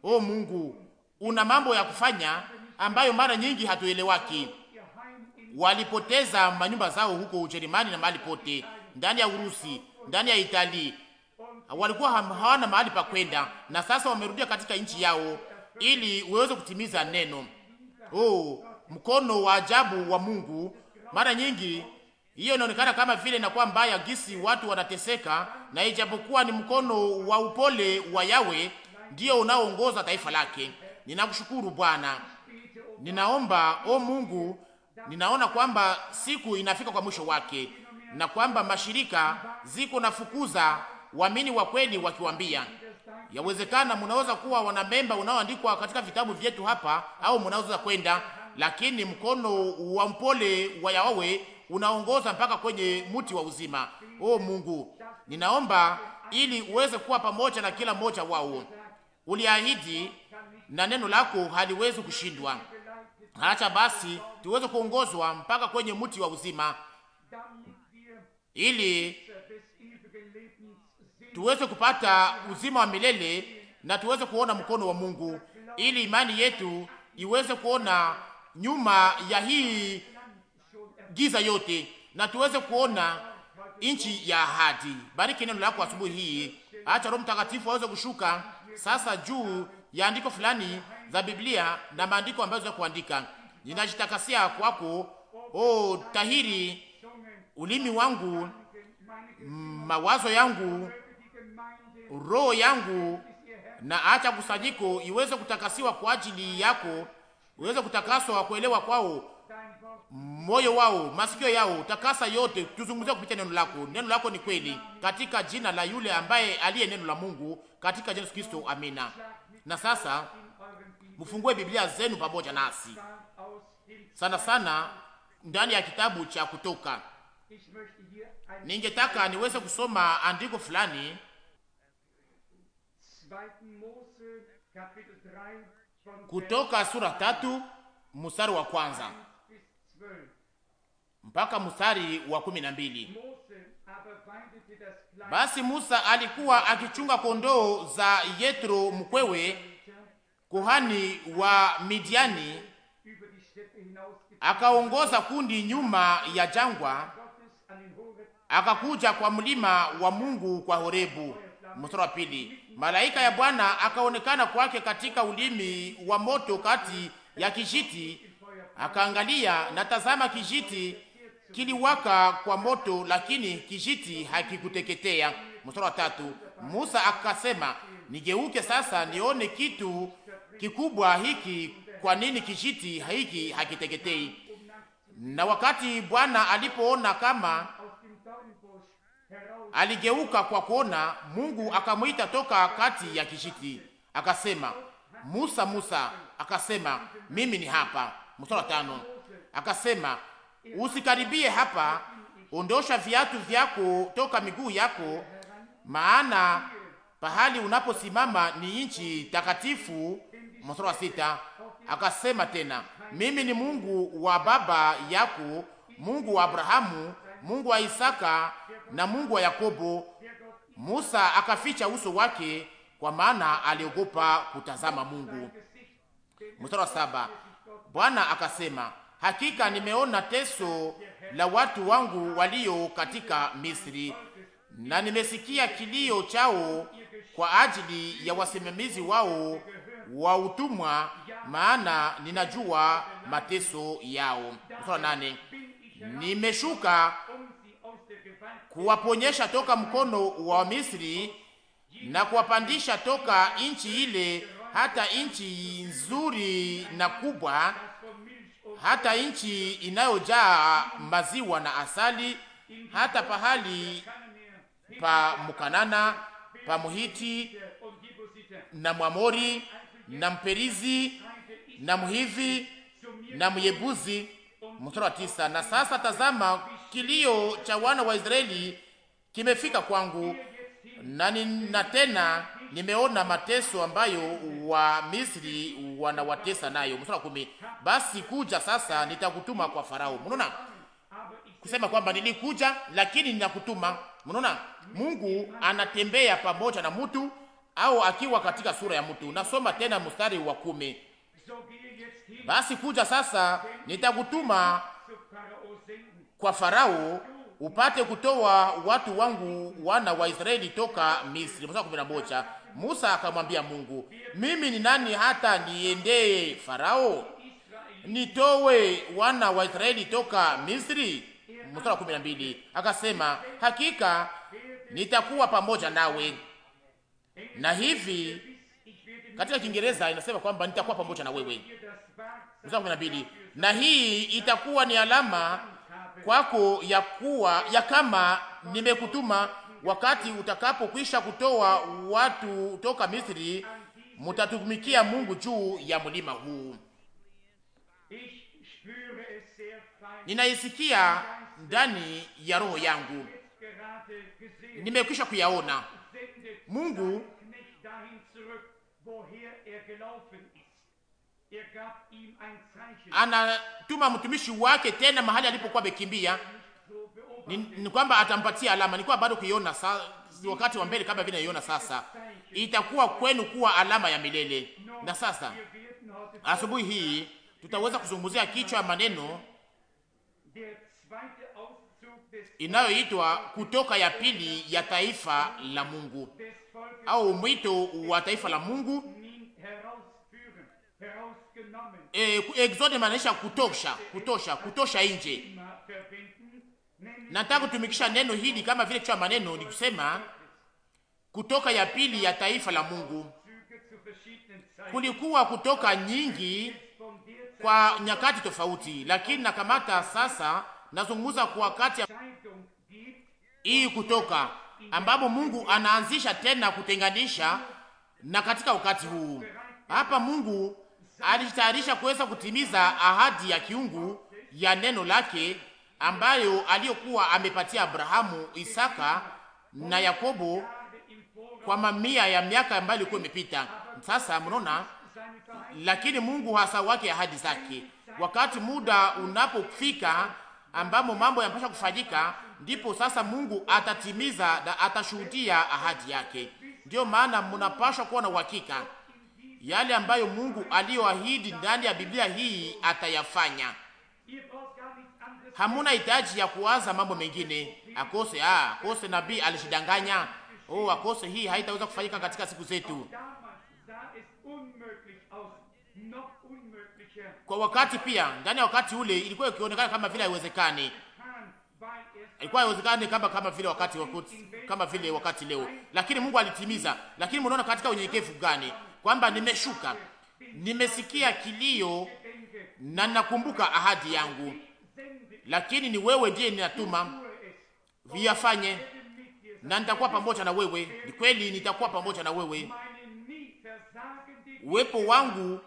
O Mungu, una mambo ya kufanya ambayo mara nyingi hatuelewaki. Walipoteza manyumba zao huko Ujerumani na mahali pote ndani ya Urusi, ndani ya Itali, walikuwa hawana mahali pa kwenda, na sasa wamerudia katika nchi yao ili uweze kutimiza neno. Oh, mkono wa ajabu wa Mungu mara nyingi hiyo inaonekana kama vile inakuwa mbaya gisi watu wanateseka, na ijapokuwa ni mkono wa upole wa Yawe ndio unaoongoza taifa lake. Ninakushukuru Bwana, ninaomba o Mungu, ninaona kwamba siku inafika kwa mwisho wake na kwamba mashirika ziko nafukuza waamini wa kweli wakiwambia, yawezekana mnaweza kuwa wanamemba unaoandikwa katika vitabu vyetu hapa, au mnaweza kwenda, lakini mkono wa mpole wa Yawe unaongoza mpaka kwenye mti wa uzima. O Mungu, ninaomba ili uweze kuwa pamoja na kila mmoja wao. Uliahidi na neno lako haliwezi kushindwa. Acha basi tuweze kuongozwa mpaka kwenye mti wa uzima, ili tuweze kupata uzima wa milele na tuweze kuona mkono wa Mungu, ili imani yetu iweze kuona nyuma ya hii giza yote na tuweze kuona nchi ya ahadi. Bariki neno lako asubuhi hii, acha Roho Mtakatifu aweze kushuka sasa juu ya andiko fulani za Biblia na maandiko ambayo za kuandika. Ninajitakasia kwako, oh, tahiri ulimi wangu, mawazo yangu, roho yangu, na acha kusanyiko iweze kutakasiwa kwa ajili yako, iweze kutakaswa kuelewa kwao moyo wao, masikio yao, takasa yote, tuzungumzie kupitia neno lako. Neno lako ni kweli, katika jina la yule ambaye aliye neno la Mungu, katika Yesu Kristo, amina. Na sasa mfungue Biblia zenu pamoja nasi, sana sana ndani ya kitabu cha Kutoka. Ningetaka niweze kusoma andiko fulani Kutoka sura tatu mstari wa kwanza mpaka mstari wa kumi na mbili. Basi Musa alikuwa akichunga kondoo za Yetro mkwewe kuhani wa Midiani, akaongoza kundi nyuma ya jangwa, akakuja kwa mlima wa Mungu kwa Horebu. Mstari wa pili, malaika ya Bwana akaonekana kwake katika ulimi wa moto kati ya kijiti, akaangalia, na tazama kijiti kiliwaka kwa moto, lakini kijiti hakikuteketea. Mstari wa tatu, Musa akasema, nigeuke sasa nione kitu kikubwa hiki, kwa nini kijiti hiki hakiteketei? Na wakati Bwana alipoona kama aligeuka kwa kuona, Mungu akamwita toka kati ya kijiti akasema, Musa, Musa. Akasema, mimi ni hapa. Mstari wa tano, akasema usikaribie hapa, ondosha viatu vyako toka miguu yako, maana pahali unaposimama ni nchi takatifu. Mstari wa sita akasema tena, mimi ni Mungu wa baba yako, Mungu wa Abrahamu, Mungu wa Isaka na Mungu wa Yakobo. Musa akaficha uso wake kwa maana aliogopa kutazama Mungu. Mstari wa saba Bwana akasema hakika nimeona teso la watu wangu walio katika Misri, na nimesikia kilio chao kwa ajili ya wasimamizi wao wa utumwa, maana ninajua mateso yao. Nane, nimeshuka kuwaponyesha toka mkono wa Misri na kuwapandisha toka nchi ile hata nchi nzuri na kubwa hata nchi inayojaa maziwa na asali, hata pahali pa Mkanana, pa Muhiti na Mwamori na Mperizi na Mhivi na Myebuzi. Mstari wa tisa. Na sasa tazama, kilio cha wana wa Israeli kimefika kwangu na, na tena nimeona mateso ambayo wa Misri wanawatesa nayo. Mstari wa kumi, basi kuja sasa, nitakutuma kwa Farao. Mnaona kusema kwamba nilikuja, lakini ninakutuma. Mnaona Mungu anatembea pamoja na mtu au akiwa katika sura ya mtu. Nasoma tena mstari wa kumi, basi kuja sasa, nitakutuma kwa Farao upate kutoa watu wangu wana wa Israeli toka Misri. Mstari wa kumi na moja Musa akamwambia Mungu, mimi ni nani hata niendee Farao nitowe wana wa Israeli toka Misri? Mstari wa kumi na mbili akasema, hakika nitakuwa pamoja nawe. Na hivi katika Kiingereza inasema kwamba nitakuwa pamoja na wewe. Mstari wa kumi na mbili na hii itakuwa ni alama kwako ya kuwa ya kama nimekutuma wakati utakapokwisha kutoa watu toka Misri, mutatumikia Mungu juu ya mlima huu. Ninaisikia ndani ya roho yangu, nimekwisha kuyaona Mungu anatuma mtumishi wake tena mahali alipokuwa amekimbia ni, ni kwamba atampatia alama, ni nilikuwa bado kuiona wakati wa mbele kama vile naiona sasa. Itakuwa kwenu kuwa alama ya milele. Na sasa asubuhi hii tutaweza kuzungumzia kichwa ya maneno inayoitwa kutoka ya pili ya taifa la Mungu au mwito wa taifa la Mungu. E, eh, exode maanisha kutosha, kutosha, kutosha nje Nataka kutumikisha neno hili kama vile kichwa maneno ni kusema kutoka ya pili ya taifa la Mungu. Kulikuwa kutoka nyingi kwa nyakati tofauti, lakini nakamata sasa, nazungumza kwa wakati hii kutoka ambapo Mungu anaanzisha tena kutenganisha, na katika wakati huu hapa Mungu alijitayarisha kuweza kutimiza ahadi ya kiungu ya neno lake ambayo aliyokuwa amepatia Abrahamu, Isaka na Yakobo kwa mamia ya miaka ambayo ilikuwa imepita. Sasa mnaona, lakini Mungu hasawake ahadi zake. Wakati muda unapofika ambamo mambo yanapaswa kufanyika, ndipo sasa Mungu atatimiza na atashuhudia ahadi yake. Ndiyo maana mnapaswa kuwa na uhakika yale ambayo Mungu aliyoahidi ndani ya Biblia hii atayafanya hamuna hitaji ya kuwaza mambo mengine. Akose ah, akose nabii alishidanganya, oh, akose hii haitaweza kufanyika katika siku zetu. Kwa wakati pia, ndani ya wakati ule ilikuwa ikionekana kama vile haiwezekani, ilikuwa haiwezekani kama kama vile wakati wakati kama vile wakati leo, lakini Mungu alitimiza. Lakini mnaona katika unyenyekevu gani kwamba nimeshuka, nimesikia kilio na nakumbuka ahadi yangu lakini ni wewe ndiye ninatuma, viyafanye na nitakuwa pamoja na wewe. Ni kweli, nitakuwa pamoja na wewe. Uwepo wangu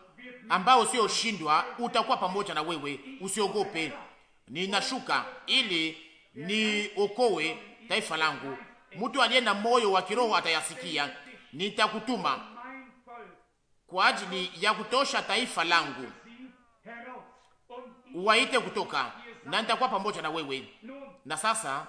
ambao usioshindwa utakuwa pamoja na wewe. Usiogope, ninashuka ili niokoe taifa langu. Mtu aliye na moyo wa kiroho atayasikia. Nitakutuma kwa ajili ya kutosha taifa langu, uwaite kutoka na nitakuwa pamoja na wewe. Na sasa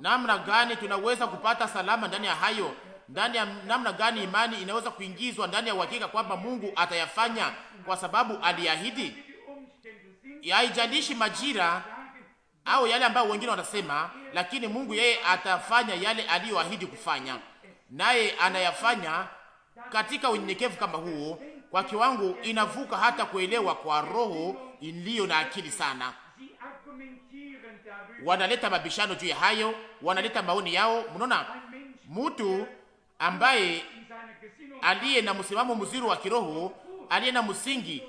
namna gani tunaweza kupata salama ndani ya hayo? Ndani ya namna gani imani inaweza kuingizwa ndani ya uhakika kwamba Mungu atayafanya, kwa sababu aliahidi. Haijalishi majira au yale ambayo wengine wanasema, lakini Mungu yeye atafanya yale aliyoahidi kufanya, naye anayafanya katika unyenyekevu kama huo, kwa kiwango inavuka hata kuelewa kwa roho iliyo na akili sana. Wanaleta mabishano juu ya hayo, wanaleta maoni yao. Mnaona mtu ambaye aliye na msimamo mzuri wa kiroho, aliye na msingi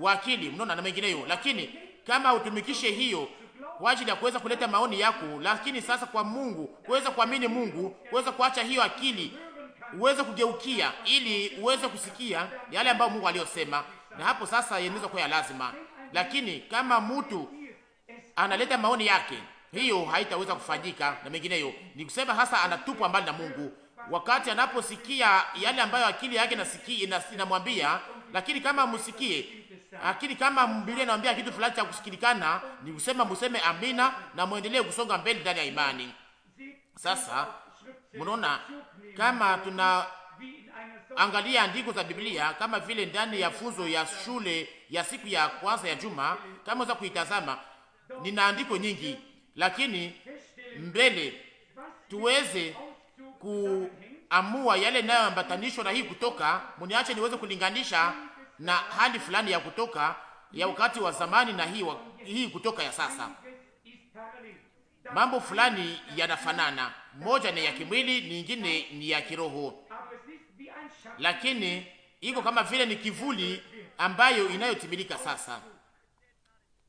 wa akili, mnaona na mengineyo, lakini kama utumikishe hiyo kwa ajili ya kuweza kuleta maoni yako, lakini sasa kwa Mungu kuweza kuamini Mungu, kuweza kuacha hiyo akili uweze kugeukia, ili uweze kusikia yale ambayo Mungu aliyosema, na hapo sasa yanaweza kuwa ya lazima lakini kama mtu analeta maoni yake, hiyo haitaweza kufanyika na mengineyo. Ni kusema hasa anatupwa mbali na Mungu wakati anaposikia yale ambayo akili yake nasikia inamwambia, lakini kama msikie, akili kama Biblia inamwambia kitu fulani cha kusikilikana, ni kusema museme amina na muendelee kusonga mbele ndani ya imani. Sasa mnaona kama tuna angalia andiko za Biblia kama vile ndani ya fuzo ya shule ya siku ya kwanza ya juma, kama weza kuitazama, nina andiko nyingi, lakini mbele tuweze kuamua yale inayoambatanishwa na hii Kutoka. Mniache niweze kulinganisha na hali fulani ya Kutoka ya wakati wa zamani na hii, wa, hii Kutoka ya sasa. Mambo fulani yanafanana, moja ni ya kimwili, nyingine ni ya kiroho lakini iko kama vile ni kivuli ambayo inayotimilika sasa.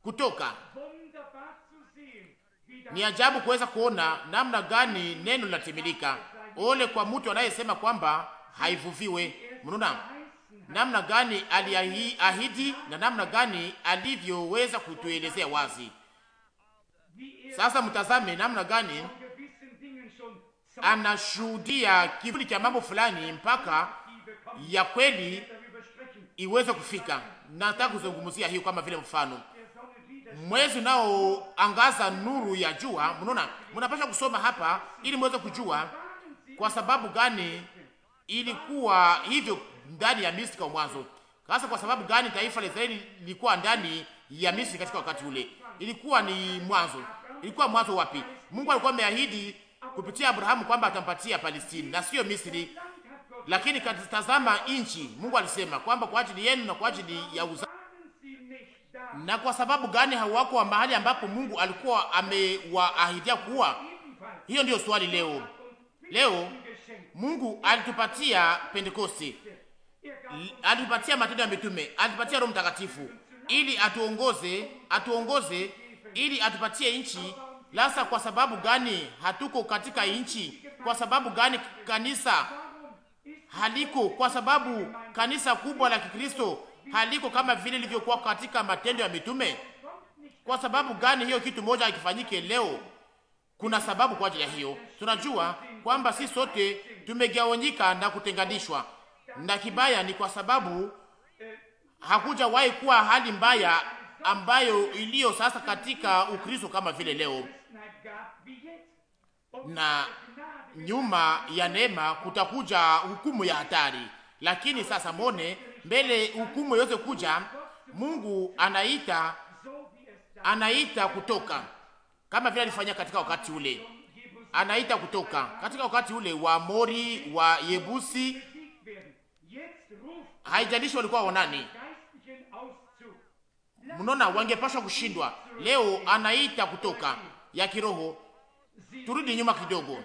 Kutoka ni ajabu kuweza kuona namna gani neno linatimilika. Ole kwa mtu anayesema kwamba haivuviwe. Mnaona namna gani aliahidi na namna gani alivyoweza kutuelezea wazi. Sasa mtazame namna gani anashuhudia kivuli cha mambo fulani mpaka ya kweli iweze kufika. Nataka kuzungumzia hiyo kama vile mfano mwezi nao angaza nuru ya jua. Mnaona, mnapasha kusoma hapa ili mweze kujua kwa sababu gani ilikuwa hivyo ndani ya Misri kwa mwanzo. hasa kwa sababu gani taifa la Israeli lilikuwa ndani ya Misri katika wakati ule? Ilikuwa ni mwanzo, ilikuwa mwanzo wapi? Mungu alikuwa ameahidi kupitia Abrahamu kwamba atampatia Palestina na sio Misri, lakini katazama nchi, Mungu alisema kwamba kwa ajili yenu na kwa ajili ya uzao. Na kwa sababu gani hawako mahali ambapo Mungu alikuwa amewaahidia kuwa? Hiyo ndiyo swali leo. Leo Mungu alitupatia Pentekoste, alitupatia matendo ya mitume, alitupatia Roho Mtakatifu ili atuongoze, atuongoze ili atupatie nchi. Lasa, kwa sababu gani hatuko katika nchi? Kwa sababu gani kanisa haliko, kwa sababu kanisa kubwa la Kikristo haliko kama vile lilivyokuwa katika matendo ya mitume. Kwa sababu gani hiyo kitu moja hakifanyike leo? Kuna sababu kwa ajili ya hiyo. Tunajua kwamba si sote tumegawanyika na kutenganishwa, na kibaya ni kwa sababu hakuja wahi kuwa hali mbaya ambayo iliyo sasa katika Ukristo kama vile leo, na nyuma ya neema kutakuja hukumu ya hatari, lakini sasa mone mbele hukumu yote kuja, Mungu anaita anaita kutoka kama vile alifanya katika wakati ule, anaita kutoka katika wakati ule wa Mori wa Yebusi, haijalishi walikuwa wanani mnaona, wangepashwa kushindwa. Leo anaita kutoka ya kiroho. Turudi nyuma kidogo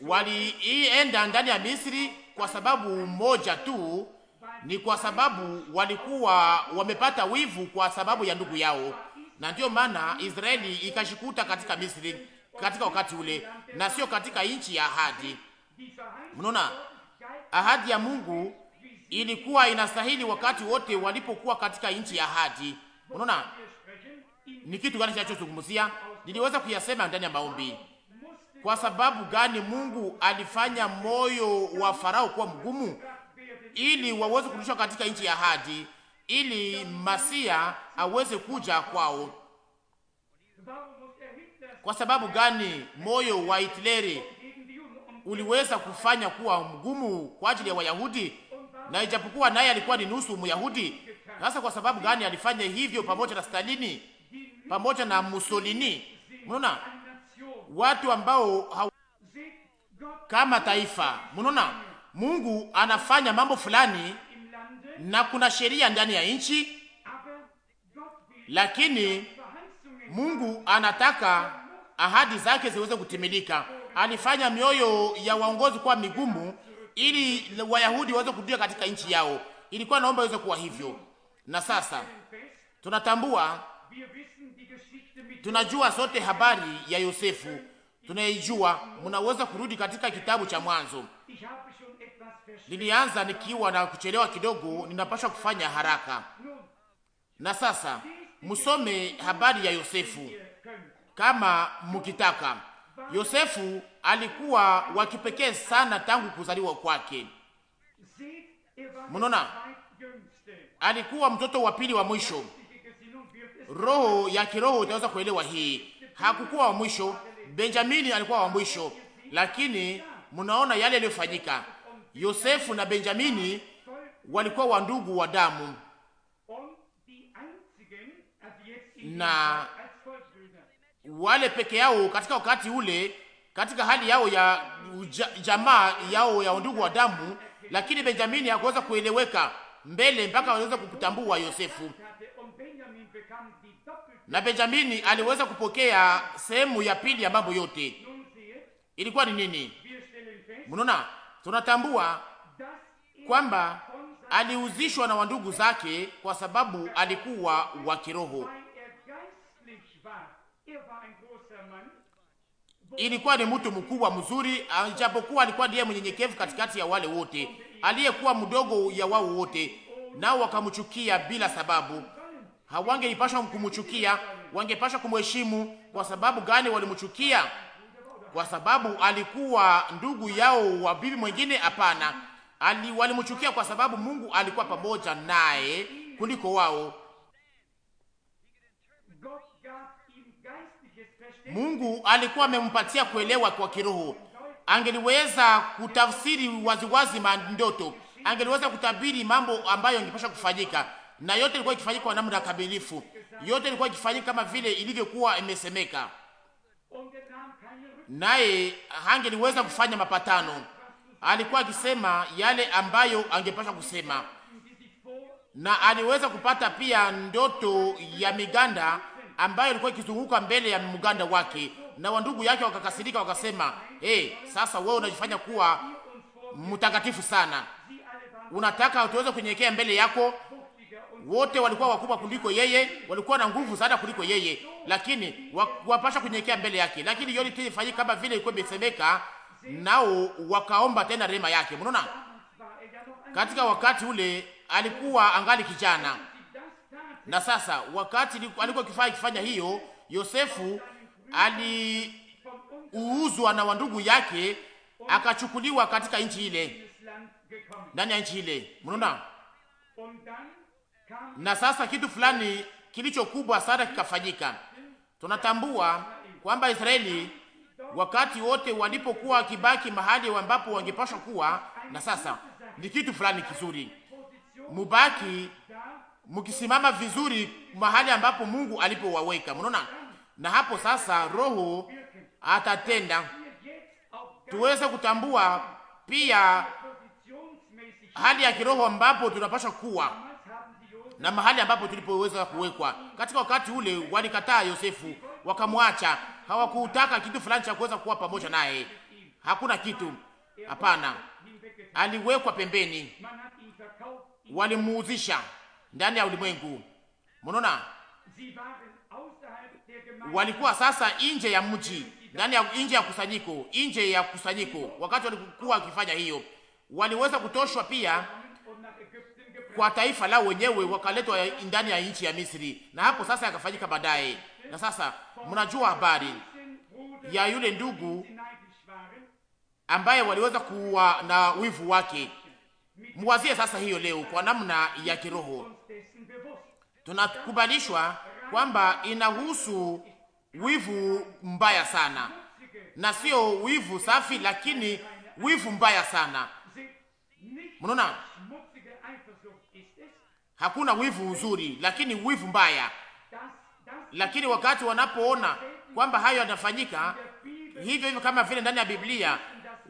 waliienda ndani ya Misri kwa sababu moja tu, ni kwa sababu walikuwa wamepata wivu kwa sababu ya ndugu yao, na ndiyo maana Israeli ikashikuta katika Misri katika wakati ule, na sio katika nchi ya ahadi. Mnaona, ahadi ya Mungu ilikuwa inastahili wakati wote walipokuwa katika nchi ya ahadi. Mnaona ni kitu gani kinachozungumzia? Niliweza kuyasema ndani ya maombi. Kwa sababu gani Mungu alifanya moyo wa Farao kuwa mgumu? Ili waweze kurudishwa katika nchi ya ahadi, ili Masia aweze kuja kwao. Kwa sababu gani moyo wa Hitleri uliweza kufanya kuwa mgumu kwa ajili ya Wayahudi, na ijapokuwa naye alikuwa ni nusu Myahudi? Sasa kwa sababu gani alifanya hivyo pamoja na Stalini pamoja na Mussolini? Unaona? watu ambao ha... kama taifa. Mnaona, Mungu anafanya mambo fulani na kuna sheria ndani ya nchi, lakini Mungu anataka ahadi zake ziweze kutimilika. Alifanya mioyo ya waongozi kuwa migumu ili Wayahudi waweze kurudia katika nchi yao. Ilikuwa naomba iweze kuwa hivyo, na sasa tunatambua tunajua sote habari ya Yosefu tunaijua. Mnaweza kurudi katika kitabu cha Mwanzo. Nilianza nikiwa na kuchelewa kidogo, ninapaswa kufanya haraka. Na sasa msome habari ya Yosefu kama mkitaka. Yosefu alikuwa wa kipekee sana tangu kuzaliwa kwake. Mnaona, alikuwa mtoto wa pili wa mwisho roho ya kiroho itaweza kuelewa hii. Hakukuwa wa mwisho, Benjamini alikuwa wa mwisho, lakini mnaona yale yaliyofanyika. Yosefu na Benjamini walikuwa wandugu wa damu na wale peke yao katika wakati ule, katika hali yao ya jamaa yao ya undugu wa damu, lakini Benjamini hakuweza kueleweka mbele mpaka waliweza kutambua Yosefu na Benjamini aliweza kupokea sehemu ya pili ya mambo yote. Ilikuwa ni nini? Mnaona, tunatambua kwamba aliuzishwa na wandugu zake kwa sababu alikuwa wa kiroho. Ilikuwa ni mtu mkubwa mzuri, japokuwa alikuwa ndiye mnyenyekevu katikati ya wale wote, aliyekuwa mdogo ya wao wote, nao wakamchukia bila sababu hawangeipashwa kumuchukia wangepashwa kumheshimu. Kwa sababu gani walimuchukia Kwa sababu alikuwa ndugu yao wa bibi mwingine? Hapana, ali walimuchukia kwa sababu Mungu alikuwa pamoja naye kuliko wao. Mungu alikuwa amempatia kuelewa kwa kiroho, angeliweza kutafsiri waziwazi mandoto, angeliweza kutabiri mambo ambayo angepasha kufanyika na yote ilikuwa ikifanyika kwa namna kamilifu, yote ilikuwa ikifanyika kama vile ilivyokuwa imesemeka, naye hangeliweza kufanya mapatano. Alikuwa akisema yale ambayo angepasha kusema, na aliweza kupata pia ndoto ya miganda ambayo ilikuwa ikizunguka mbele ya mganda wake, na wandugu yake wakakasirika, wakasema hey, sasa wewe unajifanya kuwa mtakatifu sana, unataka tuweze kunyenyekea mbele yako wote walikuwa wakubwa kuliko yeye, walikuwa na nguvu sana kuliko yeye, lakini wapasha kunyekea mbele yake. Lakini yote ilifanyika kama vile ilikuwa imesemeka, nao wakaomba tena rehema yake. Mnaona, katika wakati ule alikuwa angali kijana, na sasa wakati alikuwa kifanya kifanya hiyo, Yosefu aliuuzwa na wandugu yake, akachukuliwa katika nchi ile, ndani ya nchi ile, mnaona na sasa kitu fulani kilichokubwa sana kikafanyika. Tunatambua kwamba Israeli wakati wote walipokuwa wakibaki mahali ambapo wangepashwa kuwa, na sasa ni kitu fulani kizuri. Mubaki mkisimama vizuri mahali ambapo Mungu alipowaweka, mnaona. Na hapo sasa Roho atatenda tuweze kutambua pia hali ya kiroho ambapo tunapashwa kuwa na mahali ambapo tulipoweza kuwekwa. Katika wakati ule walikataa Yosefu, wakamwacha, hawakutaka kitu fulani cha kuweza kuwa pamoja naye. Hakuna kitu, hapana, aliwekwa pembeni, walimuuzisha ndani ya ulimwengu. Mnaona, walikuwa sasa nje ya mji, ndani ya nje ya kusanyiko, nje ya kusanyiko. Wakati walikuwa wakifanya hiyo, waliweza kutoshwa pia kwa taifa lao wenyewe, wakaletwa ndani ya nchi ya Misri, na hapo sasa yakafanyika baadaye. Na sasa mnajua habari ya yule ndugu ambaye waliweza kuwa na wivu wake. Mwazie sasa hiyo leo kwa namna ya kiroho, tunakubalishwa kwamba inahusu wivu mbaya sana, na sio wivu safi, lakini wivu mbaya sana. Mnaona hakuna wivu uzuri, lakini wivu mbaya. Lakini wakati wanapoona kwamba hayo yanafanyika hivyo hivyo, kama vile ndani ya Biblia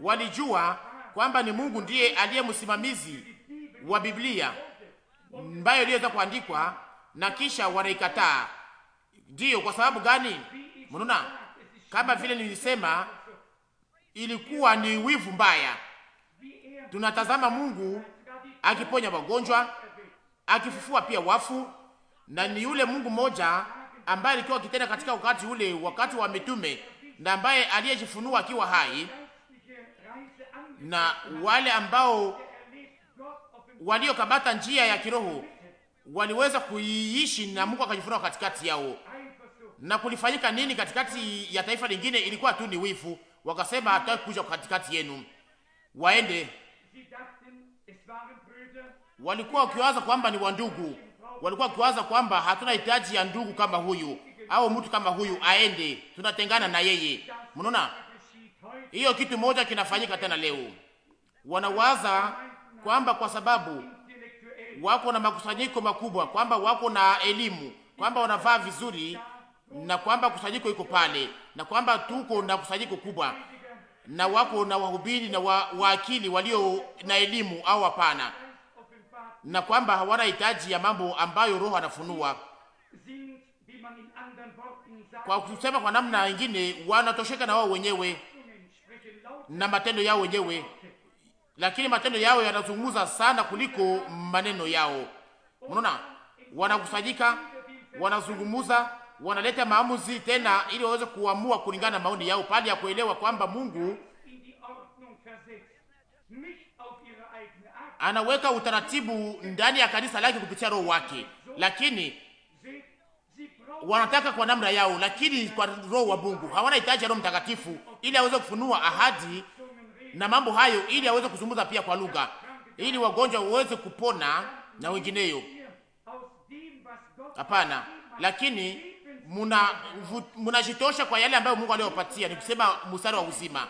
walijua kwamba ni Mungu ndiye aliye msimamizi wa Biblia ambayo iliweza kuandikwa na kisha wanaikataa. Ndiyo, kwa sababu gani? Mnaona, kama vile nilisema, ilikuwa ni wivu mbaya. Tunatazama Mungu akiponya wagonjwa, akifufua pia wafu, na ni yule Mungu mmoja ambaye alikuwa akitenda katika wakati ule, wakati wa mitume, na ambaye aliyejifunua akiwa hai na wale ambao waliokamata njia ya kiroho waliweza kuiishi na Mungu akajifunua katikati yao. Na kulifanyika nini katikati ya taifa lingine? Ilikuwa tu ni wivu, wakasema hataki kuja katikati yenu, waende walikuwa wakiwaza kwamba ni wandugu, walikuwa wakiwaza kwamba hatuna hitaji ya ndugu kama huyu au mtu kama huyu aende, tunatengana na yeye. Mnaona hiyo kitu moja kinafanyika tena leo, wanawaza kwamba kwa sababu wako na makusanyiko makubwa, kwamba wako na elimu, kwamba wanavaa vizuri, na kwamba kusanyiko iko pale, na kwamba tuko na kusanyiko kubwa, na wako na wahubiri na waakili walio na elimu, au hapana? na kwamba hawana hitaji ya mambo ambayo Roho anafunua. Kwa kusema kwa namna nyingine, wanatosheka na wao wenyewe na matendo yao wenyewe, lakini matendo yao yanazunguza sana kuliko maneno yao. Unaona, wanakusanyika, wanazungumza, wanaleta maamuzi tena, ili waweze kuamua kulingana na maoni yao, pale ya kuelewa kwamba Mungu anaweka utaratibu ndani ya kanisa lake kupitia roho wake, lakini wanataka kwa namna yao, lakini kwa roho wa Mungu hawana hitaji ya Roho Mtakatifu ili aweze kufunua ahadi na mambo hayo, ili aweze kuzungumza pia kwa lugha, ili wagonjwa waweze kupona na wengineyo. Hapana, lakini mnajitosha muna kwa yale ambayo Mungu aliyopatia, ni kusema mstari wa uzima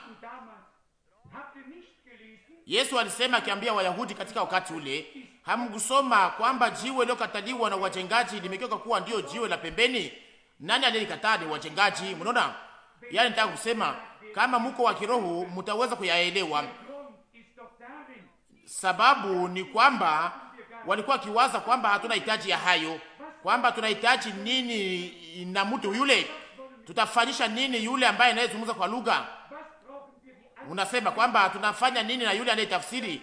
Yesu alisema akiambia Wayahudi katika wakati ule, hamkusoma kwamba jiwe lilokataliwa na wajengaji limekeka kuwa ndiyo jiwe la pembeni? Nani alilikataa? Ni wajengaji. Mnaona, yaani nataka kusema kama mko wa kiroho mtaweza kuyaelewa. Sababu ni kwamba walikuwa wakiwaza kwamba hatuna hitaji ya hayo, kwamba tunahitaji nini na mtu yule, tutafanyisha nini yule ambaye anayezungumza kwa lugha unasema kwamba tunafanya nini na yule anayetafsiri?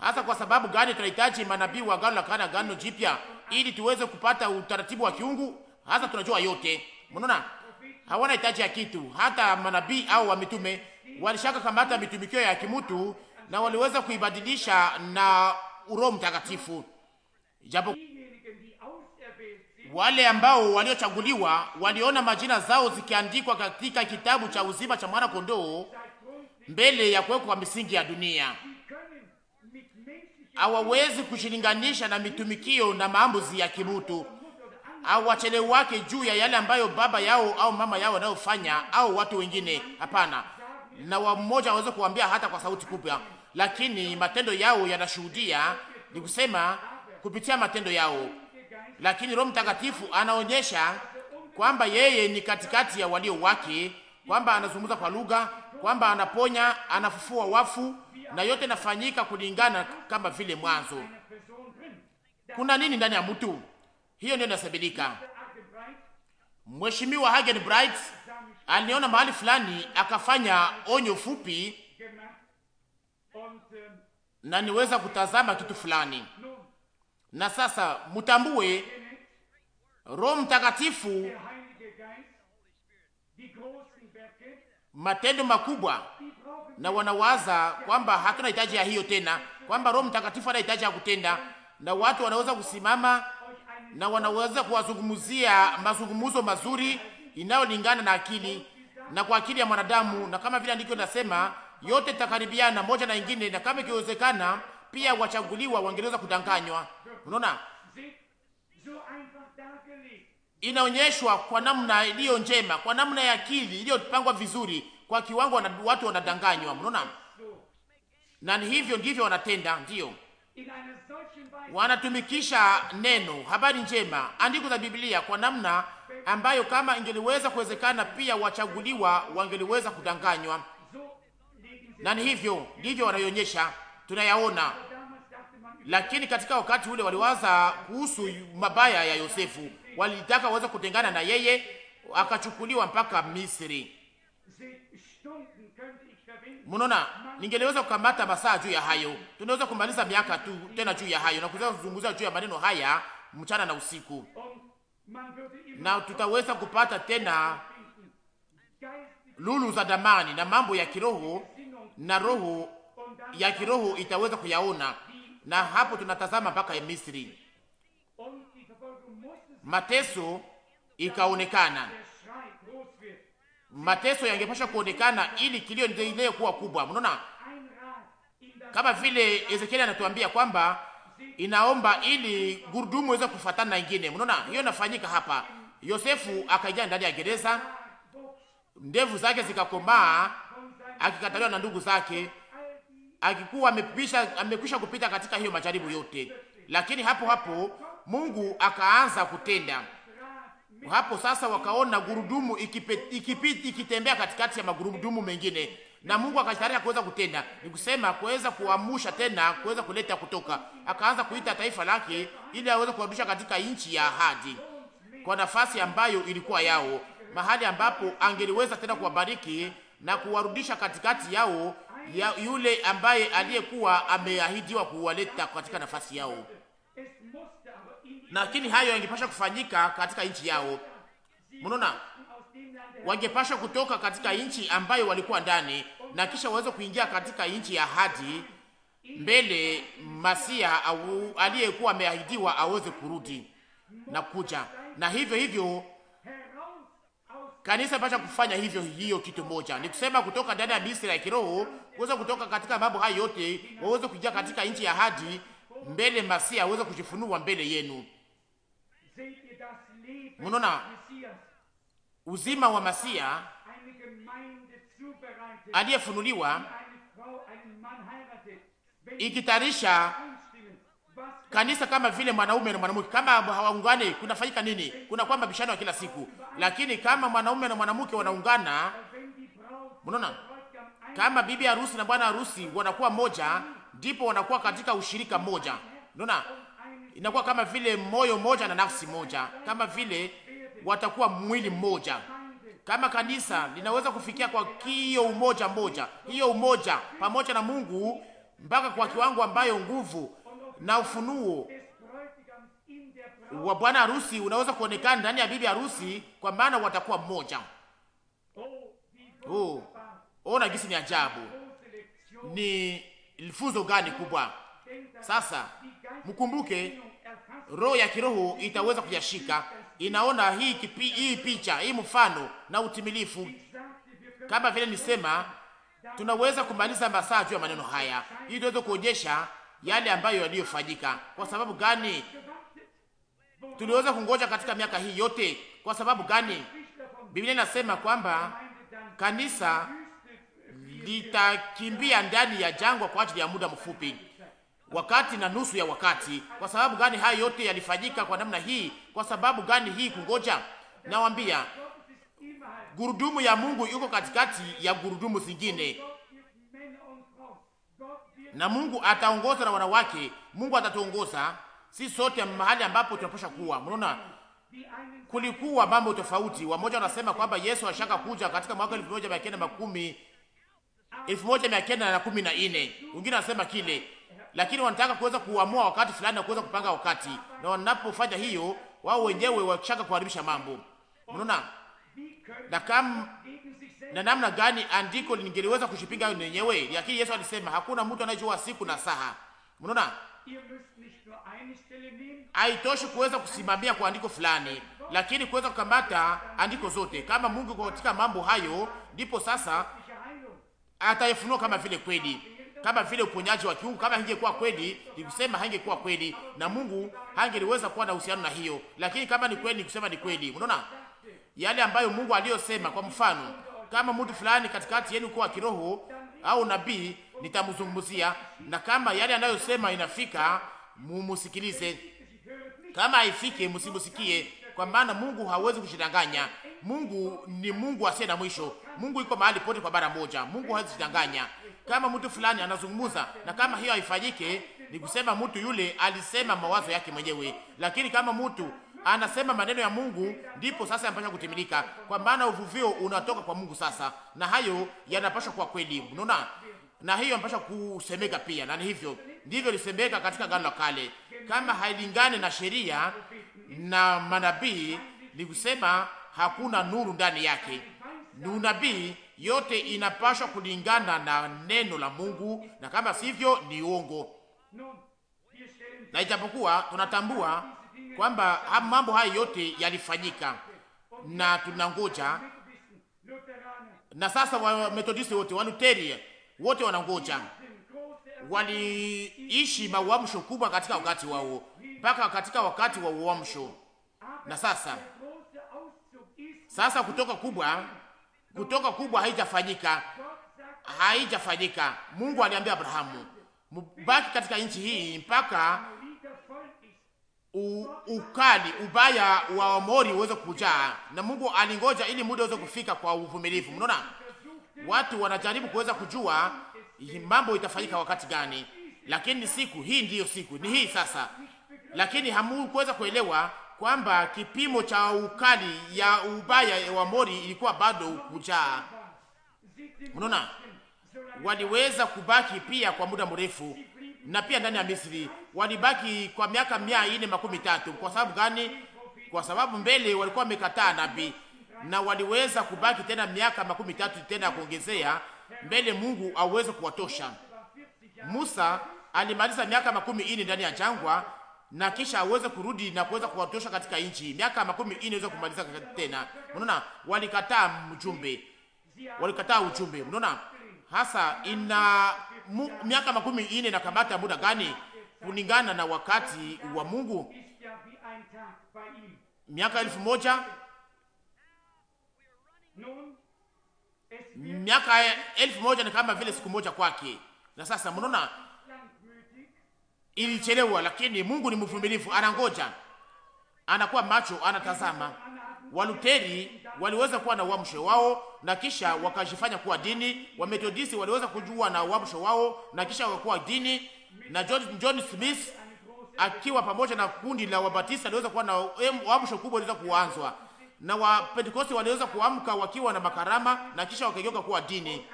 Hasa kwa sababu gani tunahitaji manabii wa gano la kana gano Jipya, ili tuweze kupata utaratibu wa kiungu? Hasa tunajua yote, mnaona, hawana hitaji ya kitu. Hata manabii au wa mitume walishaka kamata mitumikio ya kimutu na waliweza kuibadilisha na uroho Mtakatifu, japo wale ambao waliochaguliwa waliona majina zao zikiandikwa katika kitabu cha uzima cha mwana kondoo mbele ya kuwekwa kwa misingi ya dunia. Hawawezi kushilinganisha na mitumikio na maamuzi ya kimutu au wachele wake juu ya yale ambayo baba yao au mama yao wanayofanya au watu wengine. Hapana, na wamoja waweze kuambia hata kwa sauti kubwa, lakini matendo yao yanashuhudia, ni kusema kupitia matendo yao. Lakini Roho Mtakatifu anaonyesha kwamba yeye ni katikati ya walio wake kwamba anazungumza kwa lugha, kwamba anaponya, anafufua wafu, na yote inafanyika kulingana kama vile mwanzo. Kuna nini ndani ya mtu? Hiyo ndio inasabilika. Mheshimiwa Hagen Bright aliona mahali fulani akafanya onyo fupi, na niweza kutazama kitu fulani. Na sasa mtambue Roho Mtakatifu matendo makubwa, na wanawaza kwamba hatuna hitaji ya hiyo tena, kwamba Roho Mtakatifu ana hitaji ya kutenda, na watu wanaweza kusimama na wanaweza kuwazungumzia mazungumzo mazuri inayolingana na akili na kwa akili ya mwanadamu, na kama vile andiko linasema yote takaribiana moja na ingine, na kama ikiwezekana pia wachaguliwa wangeweza kudanganywa. Unaona, inaonyeshwa kwa namna iliyo njema, kwa namna ya akili iliyopangwa vizuri, kwa kiwango na watu wanadanganywa. Mnaona, na hivyo ndivyo wanatenda, ndio wanatumikisha neno habari njema, andiko la Biblia kwa namna ambayo kama ingeliweza kuwezekana, pia wachaguliwa wangeliweza kudanganywa, na ni hivyo ndivyo wanaionyesha, tunayaona. Lakini katika wakati ule waliwaza kuhusu mabaya ya Yosefu, walitaka waweze kutengana na yeye, akachukuliwa mpaka Misri. Mnaona, ningeliweza kukamata masaa juu ya hayo. Tunaweza kumaliza miaka tu tena juu ya hayo na kuweza kuzungumzia juu ya maneno haya mchana na usiku, na tutaweza kupata tena lulu za damani na mambo ya kiroho na roho ya kiroho itaweza kuyaona, na hapo tunatazama mpaka Misri mateso ikaonekana, mateso yangepasha kuonekana ili kilio ndio kuwa kubwa. Mnaona, kama vile Ezekieli anatuambia kwamba inaomba ili gurudumu iweze kufuatana na ingine. Mnaona hiyo inafanyika hapa. Yosefu akaingia ndani ya gereza, ndevu zake zikakomaa, akikataliwa na ndugu zake, akikuwa amekwisha kupita katika hiyo majaribu yote, lakini hapo hapo Mungu akaanza kutenda hapo sasa, wakaona gurudumu ikipit, ikitembea katikati ya magurudumu mengine, na Mungu akajitayarisha kuweza kutenda, kusema kuweza kuamsha tena, kuweza kuleta kutoka. Akaanza kuita taifa lake ili aweze kuwarudisha katika nchi ya ahadi, kwa nafasi ambayo ilikuwa yao, mahali ambapo angeliweza tena kuwabariki na kuwarudisha katikati yao ya yule ambaye aliyekuwa ameahidiwa kuwaleta katika nafasi yao lakini hayo yangepasha kufanyika katika nchi yao. Mnaona, wangepasha kutoka katika nchi ambayo walikuwa ndani na kisha waweze kuingia katika nchi ya ahadi mbele Masia au aliyekuwa ameahidiwa aweze kurudi na kuja. Na hivyo hivyo kanisa pasha kufanya hivyo, hiyo kitu moja ni kusema kutoka ndani ya Misri ya kiroho, kuweza kutoka katika mambo hayo yote, waweze kuingia katika nchi ya ahadi mbele Masia aweze kujifunua mbele yenu mnaona uzima wa Masia aliyefunuliwa ikitarisha kanisa kama vile mwanaume na mwanamke. Kama hawaungani kunafanyika nini? Kuna kwamba bishano ya kila siku, lakini kama mwanaume na mwanamke wanaungana, mnaona kama bibi harusi na bwana harusi wanakuwa moja, ndipo wanakuwa katika ushirika moja. Unaona inakuwa kama vile moyo moja na nafsi moja, kama vile watakuwa mwili mmoja. Kama kanisa linaweza kufikia kwa hiyo umoja moja, hiyo umoja pamoja na Mungu mpaka kwa kiwango ambayo nguvu na ufunuo wa bwana harusi unaweza kuonekana ndani ya bibi harusi, kwa maana watakuwa mmoja. Oh, ona gisi ni ajabu! Ni funzo gani kubwa sasa mkumbuke, roho ya kiroho itaweza kuyashika, inaona hii kipi, hii picha hii mfano na utimilifu. Kama vile nisema, tunaweza kumaliza masaa juu ya maneno haya, ili tuweze kuonyesha yale ambayo yaliyofanyika. Kwa sababu gani tuliweza kungoja katika miaka hii yote? Kwa sababu gani? Biblia inasema kwamba kanisa litakimbia ndani ya jangwa kwa ajili ya muda mfupi wakati na nusu ya wakati. Kwa sababu gani haya yote yalifanyika kwa namna hii? Kwa sababu gani hii kungoja? Nawambia, gurudumu ya Mungu yuko katikati ya gurudumu zingine, na Mungu ataongoza na wanawake. Mungu atatuongoza si sote mahali ambapo tunapasha kuwa. Mnaona, kulikuwa mambo tofauti. Wamoja wanasema kwamba Yesu ashaka kuja katika mwaka elfu moja mia kenda na kumi elfu moja mia kenda na kumi na nne wengine wanasema kile lakini wanataka kuweza kuamua wakati fulani na kuweza kupanga wakati, na wanapofanya hiyo, wao wenyewe washaka kuharibisha mambo. Mnaona na kam na namna gani andiko lingeliweza kushipinga hayo lenyewe, lakini Yesu alisema hakuna mtu anayejua siku na saha. Mnaona, haitoshi kuweza kusimamia kwa andiko fulani, lakini kuweza kukamata andiko zote kama Mungu katika mambo hayo, ndipo sasa atayefunua kama vile kweli kama vile uponyaji wa kiungu. Kama ingekuwa kweli, nikusema haingekuwa kweli, na Mungu hangeliweza kuwa na uhusiano na hiyo. Lakini kama ni kweli, nikusema ni kweli. Unaona yale ambayo Mungu aliyosema. Kwa mfano, kama mtu fulani katikati yenu kwa kiroho au nabii, nitamzungumzia na kama yale anayosema inafika, mumusikilize. Kama haifike, msimusikie, kwa maana Mungu hawezi kushidanganya. Mungu ni Mungu asiye na mwisho. Mungu yuko mahali pote kwa bara moja. Mungu hajidanganya. Kama mtu fulani anazungumza na kama hiyo haifanyike, ni kusema mtu yule alisema mawazo yake mwenyewe, lakini kama mtu anasema maneno ya Mungu, ndipo sasa yanapaswa kutimilika, kwa maana uvuvio unatoka kwa Mungu sasa, na hayo yanapaswa kwa kweli. Unaona, na hiyo yanapaswa kusemeka pia, na ni hivyo ndivyo lisemeka katika gano la Kale, kama hailingane na sheria na manabii, ni kusema hakuna nuru ndani yake. Ni unabii yote inapashwa kulingana na neno la Mungu, na kama sivyo ni uongo. Na ijapokuwa tunatambua kwamba mambo hayo yote yalifanyika na tunangoja, na sasa Wamethodisti wote Walutheri wote wanangoja, waliishi mauamsho kubwa katika wakati wao mpaka katika wakati wa uamsho, na sasa sasa kutoka kubwa, kutoka kubwa haijafanyika, haijafanyika. Mungu aliambia Abrahamu, mbaki katika nchi hii mpaka U, ukali ubaya wa Wamori uweze kujaa, na Mungu alingoja ili muda uweze kufika kwa uvumilivu. Mnaona, watu wanajaribu kuweza kujua mambo itafanyika wakati gani, lakini siku hii ndiyo siku ni hii sasa, lakini hamukuweza kuelewa kwamba kipimo cha ukali ya ubaya wa mori ilikuwa bado kujaa. Unaona, waliweza kubaki pia kwa muda mrefu, na pia ndani ya Misri walibaki kwa miaka mia ine makumi tatu. Kwa sababu gani? Kwa sababu mbele walikuwa wamekataa nabii, na waliweza kubaki tena miaka makumi tatu tena ya kuongezea mbele Mungu aweze kuwatosha. Musa alimaliza miaka makumi nne ndani ya jangwa na kisha aweze kurudi na kuweza kuwatosha katika nchi. Miaka makumi ine iweze kumaliza tena. Mnaona, walikataa mjumbe, walikataa ujumbe. Mnaona hasa ina mu, miaka makumi ine na kamata muda gani kulingana na wakati wa Mungu? Miaka elfu moja miaka elfu moja ni kama vile siku moja kwake. Na sasa mnaona ilichelewa, lakini Mungu ni mvumilivu, anangoja, anakuwa macho, anatazama. Waluteri waliweza kuwa na uamsho wao na kisha wakajifanya kuwa dini. Wamethodisti waliweza kujua na uamsho wao na kisha wakakuwa dini, na John, John Smith akiwa pamoja na kundi la Wabatista aliweza kuwa na uamsho kubwa, aliweza kuanzwa na wapentekosti waliweza kuamka wakiwa na makarama na kisha wakageuka kuwa dini,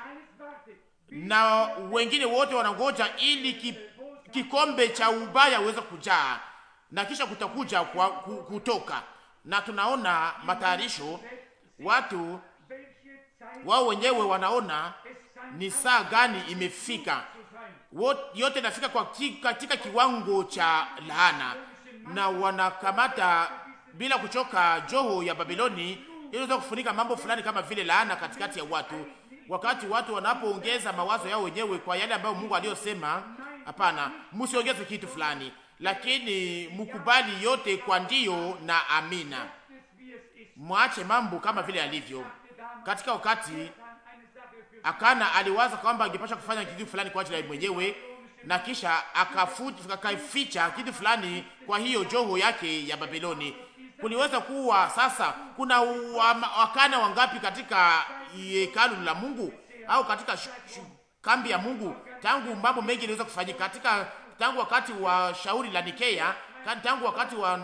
na wengine wote wanangoja ili kikombe cha ubaya uweze kujaa na kisha kutakuja kwa kutoka. Na tunaona matayarisho, watu wao wenyewe wanaona ni saa gani imefika. yote inafika kwa katika kiwango cha laana, na wanakamata bila kuchoka joho ya Babiloni iliweza kufunika mambo fulani kama vile laana katikati ya watu, wakati watu wanapoongeza mawazo yao wenyewe kwa yale ambayo Mungu aliyosema Hapana, msiongeze kitu fulani, lakini mkubali yote kwa ndio na amina. Mwache mambo kama vile alivyo. Katika wakati Akana aliwaza kwamba angepasha kufanya kitu fulani kwa ajili ya mwenyewe na kisha akafuta akaficha kitu fulani kwa hiyo joho yake ya Babiloni. Kuliweza kuwa sasa kuna wakana wangapi katika hekalu la Mungu au katika kambi ya Mungu tangu mambo mengi yanaweza kufanyika katika, tangu wakati wa shauri la Nikea, tangu wakati wa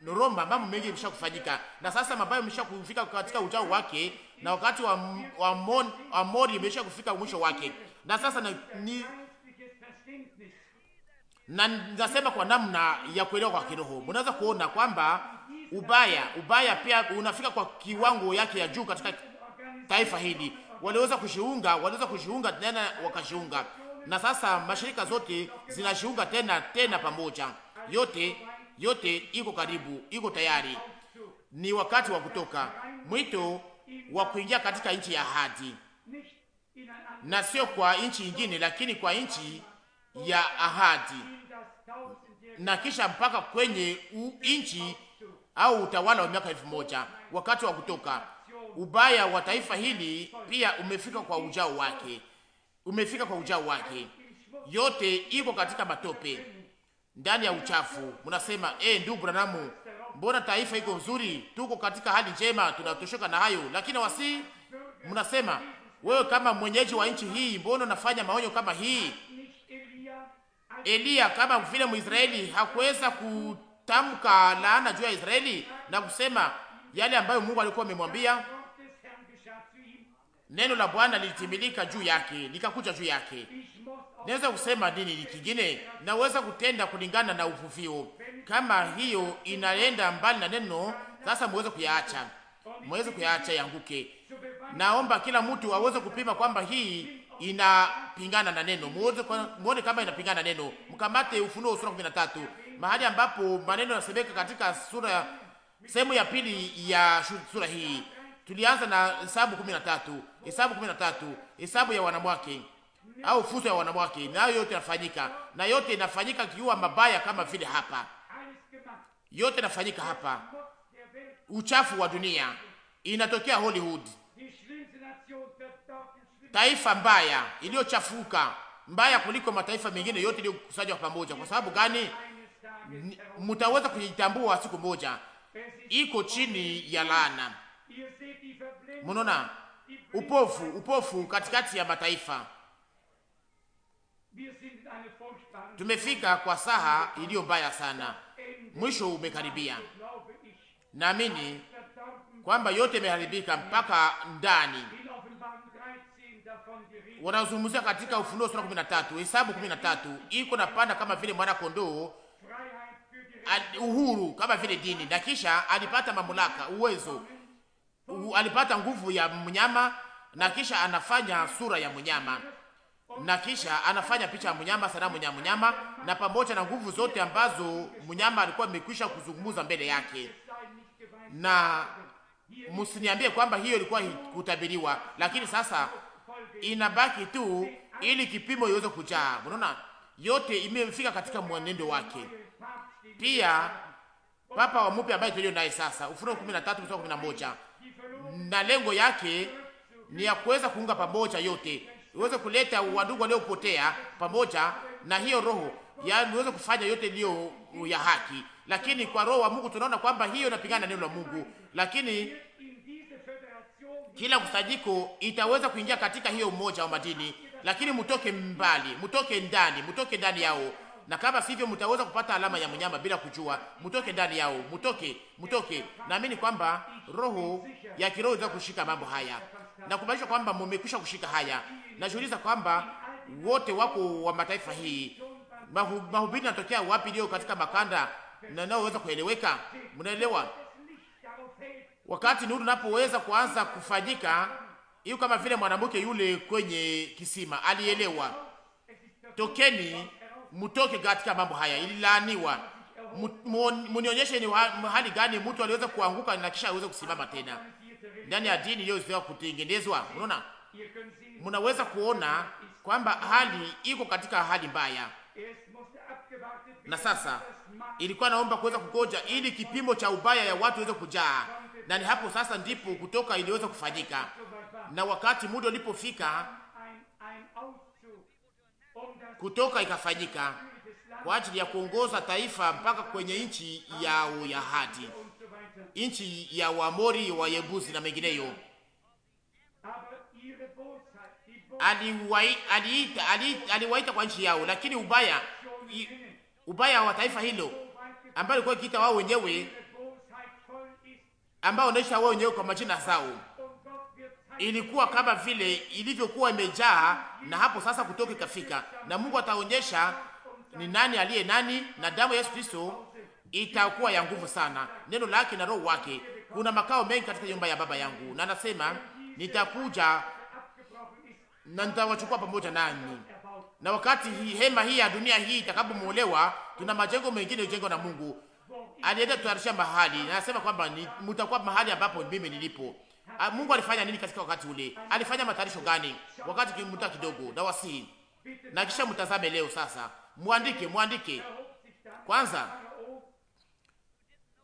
Noroma, mambo mengi yamesha kufanyika, na sasa mabaya yamesha kufika katika ujao wake, na wakati wa mon, wa mori yamesha kufika mwisho wake, na sasa na, ni, na nasema kwa namna ya kuelewa kwa kiroho, mnaweza kuona kwamba ubaya ubaya pia unafika kwa kiwango yake ya juu katika taifa hili. Waliweza kujiunga, waliweza kujiunga tena wakajiunga na sasa mashirika zote zinashiunga tena tena pamoja, yote yote iko karibu, iko tayari. Ni wakati wa kutoka, mwito wa kuingia katika nchi ya ahadi, na sio kwa nchi nyingine, lakini kwa nchi ya ahadi, na kisha mpaka kwenye nchi au utawala wa miaka elfu moja. Wakati wa kutoka, ubaya wa taifa hili pia umefika kwa ujao wake umefika kwa ujao wake, yote iko katika matope, ndani ya uchafu. Mnasema eh, ndugu Branamu, mbona taifa iko nzuri, tuko katika hali njema, tunatoshoka na hayo. Lakini wasi mnasema wewe, kama mwenyeji wa nchi hii, mbona unafanya maonyo kama hii? Eliya kama vile Mwisraeli hakuweza kutamka laana juu ya Israeli na kusema yale ambayo Mungu alikuwa amemwambia neno la Bwana lilitimilika juu yake, likakuja juu yake. Naweza kusema nini kingine? Naweza kutenda kulingana na uvuvio. Kama hiyo inaenda mbali na neno, sasa muweze kuyaacha, muweze kuyaacha yanguke. Naomba kila mtu aweze kupima kwamba hii inapingana na neno, muone muone kama inapingana na neno. Mkamate Ufunuo sura 13 mahali ambapo maneno yanasemeka katika sura sehemu ya pili ya sura hii. Tulianza na Hesabu 13 Hesabu 13, hesabu ya wanawake au fuso ya wanawake, nayo yote inafanyika na yote inafanyika kiua mabaya, kama vile hapa yote inafanyika hapa. Uchafu wa dunia inatokea Hollywood, taifa mbaya iliyochafuka mbaya kuliko mataifa mengine yote iliyokusanywa pamoja. Kwa sababu gani? Mtaweza kujitambua siku moja, iko chini ya laana. Mnaona upofu, upofu katikati ya mataifa. Tumefika kwa saha iliyo mbaya sana, mwisho umekaribia. Naamini kwamba yote imeharibika mpaka ndani. Wanazungumzia katika Ufunuo sura 13, Hesabu 13, iko na panda kama vile mwana kondoo, uhuru kama vile dini, na kisha alipata mamlaka, uwezo alipata nguvu ya mnyama na kisha anafanya sura ya mnyama na kisha anafanya picha ya mnyama, sanamu ya mnyama, na pamoja na nguvu zote ambazo mnyama alikuwa amekwisha kuzungumza mbele yake. Na msiniambie kwamba hiyo ilikuwa kutabiriwa, lakini sasa inabaki tu ili kipimo iweze kujaa. Unaona, yote imefika katika mwenendo wake. Pia papa wa mpya ambaye tulio naye sasa, Ufunuo 13 mstari 11 na lengo yake ni ya kuweza kuunga pamoja yote, iweze kuleta wandugu waliopotea pamoja na hiyo roho, yaani uweze kufanya yote iliyo ya haki. Lakini kwa roho wa Mungu tunaona kwamba hiyo inapingana na neno la Mungu, lakini kila kusajiko itaweza kuingia katika hiyo umoja wa madini, lakini mtoke mbali, mtoke ndani, mtoke ndani yao, na kama sivyo mtaweza kupata alama ya mnyama bila kujua. Mtoke ndani yao, mtoke, mtoke. Naamini kwamba roho ya kiroho za kushika mambo haya na kumaanisha kwamba mumekwisha kushika haya. Najiuliza kwamba wote wako wa mataifa hii mahubiri natokea wapi leo katika makanda na naoweza kueleweka? Mnaelewa, wakati nuru napoweza kuanza kufanyika, hiyo kama vile mwanamke yule kwenye kisima alielewa, tokeni mtoke katika mambo haya, ililaaniwa munionyeshe ni hali gani mtu aliweza kuanguka na kisha aweze kusimama tena ndani ya dini iliyozoea kutengenezwa. Unaona, mnaweza kuona kwamba hali iko katika hali mbaya, na sasa ilikuwa naomba kuweza kugoja ili kipimo cha ubaya ya watu iweze kujaa, na ni hapo sasa ndipo kutoka iliweza kufanyika, na wakati muda ulipofika kutoka ikafanyika kwa ajili ya kuongoza taifa mpaka kwenye nchi yao ya hadi, nchi ya Waamori, Wayebuzi na mengineyo. Aliwaita ali, ali, ali kwa nchi yao, lakini ubaya i, ubaya wa taifa hilo ambao ilikuwa ikiita wao wenyewe, ambao naisha wao wenyewe kwa majina zao, ilikuwa kama vile ilivyokuwa imejaa, na hapo sasa kutoka ikafika, na Mungu ataonyesha ni nani aliye nani, na damu ya Yesu Kristo itakuwa ya nguvu sana, neno lake na roho wake. Kuna makao mengi katika nyumba ya baba yangu, na anasema nitakuja na nitawachukua pamoja nani. Na wakati hii hema hii ya dunia hii itakapomolewa, tuna majengo mengine yajengwa na Mungu. Aliende tuarisha mahali, na anasema kwamba mtakuwa mahali ambapo mimi nilipo. Mungu alifanya nini katika wakati ule? Alifanya matayarisho gani? Wakati kimta kidogo na na kisha mtazame leo sasa Mwandike, mwandike kwanza.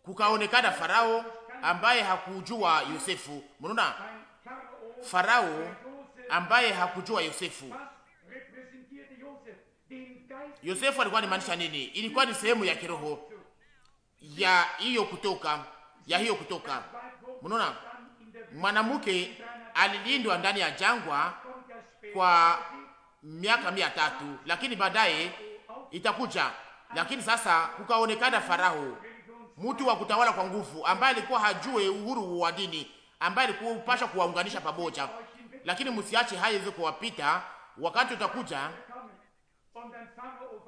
Kukaonekana Farao ambaye hakujua Yosefu. Mnaona Farao ambaye hakujua Yosefu. Yosefu alikuwa anamaanisha nini? Ilikuwa ni sehemu ya kiroho ya hiyo kutoka ya hiyo kutoka. Mnaona mwanamke alilindwa ndani ya jangwa kwa miaka mia tatu, lakini baadaye itakuja. Lakini sasa kukaonekana Farao, mtu wa kutawala kwa nguvu, ambaye alikuwa hajue uhuru wa dini, ambaye alikuwa upasha kuwaunganisha pamoja. Lakini msiache haya hizo kuwapita, wakati utakuja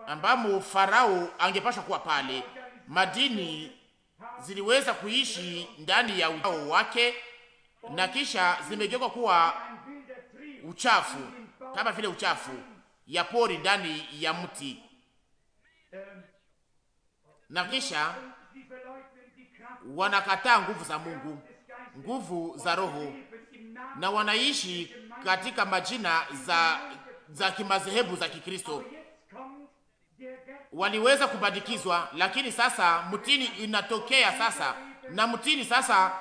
ambamo Farao angepashwa kuwa pale. Madini ziliweza kuishi ndani ya ujao wake na kisha zimegeuka kuwa uchafu kama vile uchafu ya pori ndani ya mti na kisha wanakataa nguvu za Mungu, nguvu za Roho, na wanaishi katika majina za za kimadhehebu za Kikristo. Waliweza kubadikizwa, lakini sasa mtini inatokea sasa, na mtini sasa,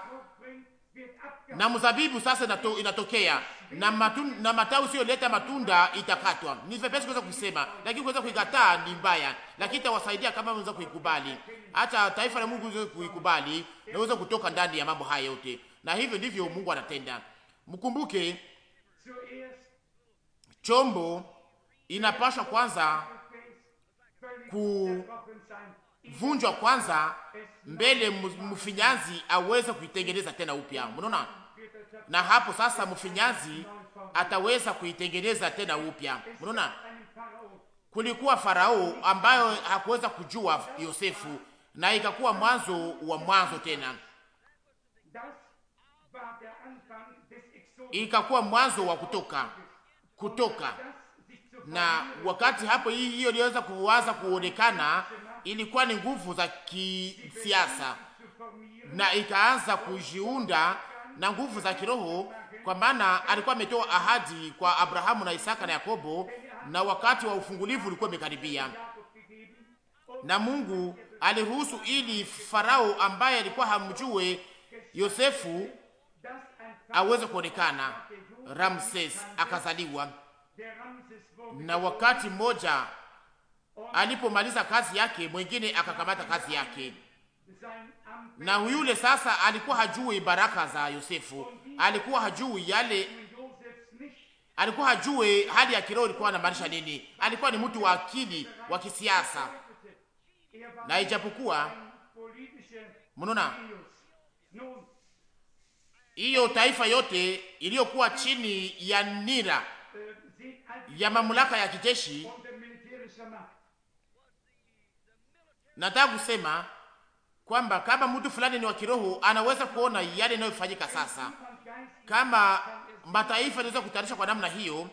na mzabibu sasa inato, inatokea na, matun, na matawi siyoleta matunda itakatwa. Ni vipesi kuweza kusema, lakini kuweza kuikataa ni mbaya, lakini itawasaidia kama unaweza kuikubali. Hata taifa la Mungu liweze kuikubali na uweze kutoka ndani ya mambo haya yote, na hivyo ndivyo Mungu anatenda. Mkumbuke chombo inapaswa kwanza kuvunjwa kwanza, mbele mfinyanzi aweze kuitengeneza tena upya. Mnaona? na hapo sasa mfinyazi ataweza kuitengeneza tena upya. Mnaona, kulikuwa Farao ambayo hakuweza kujua Yosefu na ikakuwa mwanzo wa mwanzo tena, ikakuwa mwanzo wa kutoka kutoka. Na wakati hapo hii hiyo iliweza kuwaza kuonekana, ilikuwa ni nguvu za kisiasa na ikaanza kujiunda na nguvu za kiroho, kwa maana alikuwa ametoa ahadi kwa Abrahamu na Isaka na Yakobo, na wakati wa ufungulivu ulikuwa umekaribia, na Mungu aliruhusu ili Farao ambaye alikuwa hamjue Yosefu aweze kuonekana. Ramses akazaliwa, na wakati mmoja alipomaliza kazi yake, mwingine akakamata kazi yake na yule sasa alikuwa hajui baraka za Yosefu, alikuwa hajui yale, alikuwa hajui hali ya kiroho ilikuwa inamaanisha nini. Alikuwa ni mtu wa akili wa kisiasa, na ijapokuwa mnaona hiyo taifa yote iliyokuwa chini ya nira ya mamlaka ya kijeshi, nataka kusema kwamba kama mtu fulani ni wa kiroho anaweza kuona yale yanayofanyika sasa. Kama mataifa yanaweza kutayarisha kwa namna hiyo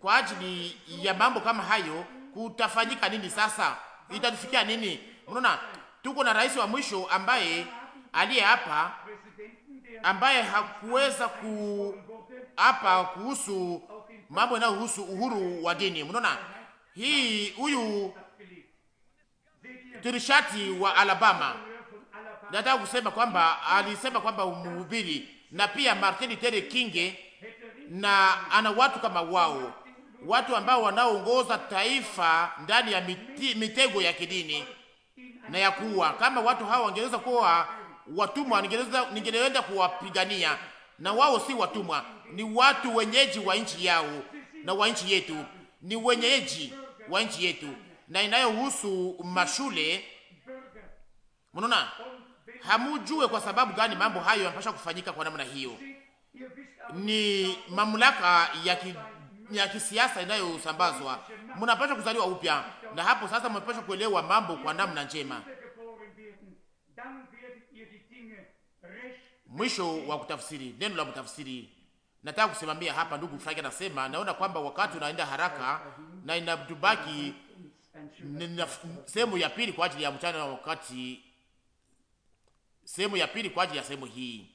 kwa ajili ya mambo kama hayo, kutafanyika nini sasa? Itatufikia nini? Mnaona, tuko na rais wa mwisho ambaye aliye hapa ambaye hakuweza ku hapa kuhusu mambo yanayohusu uhuru wa dini. Mnaona hii, huyu mtirishati wa Alabama, nataka kusema kwamba alisema kwamba mhubiri na pia Martin Luther King, na ana watu kama wao, watu ambao wanaoongoza taifa ndani ya miti, mitego ya kidini na ya kuwa. Kama watu hawa wangeweza kuwa watumwa, ningeweza kuwapigania, na wao si watumwa, ni watu wenyeji wa nchi yao na wa nchi yetu, ni wenyeji wa nchi yetu na inayohusu mashule. Mnaona, hamujue kwa sababu gani mambo hayo yanapaswa kufanyika kwa namna hiyo. Ni mamlaka ya ki, ya kisiasa inayosambazwa. Mnapaswa kuzaliwa upya, na hapo sasa mnapaswa kuelewa mambo kwa namna njema. Mwisho wa kutafsiri neno la mtafsiri. Nataka kusimamia hapa, ndugu Frank anasema, naona kwamba wakati unaenda haraka na inatubaki sehemu ya pili kwa ajili ya mchana wa wakati, sehemu ya pili kwa ajili ya sehemu hii.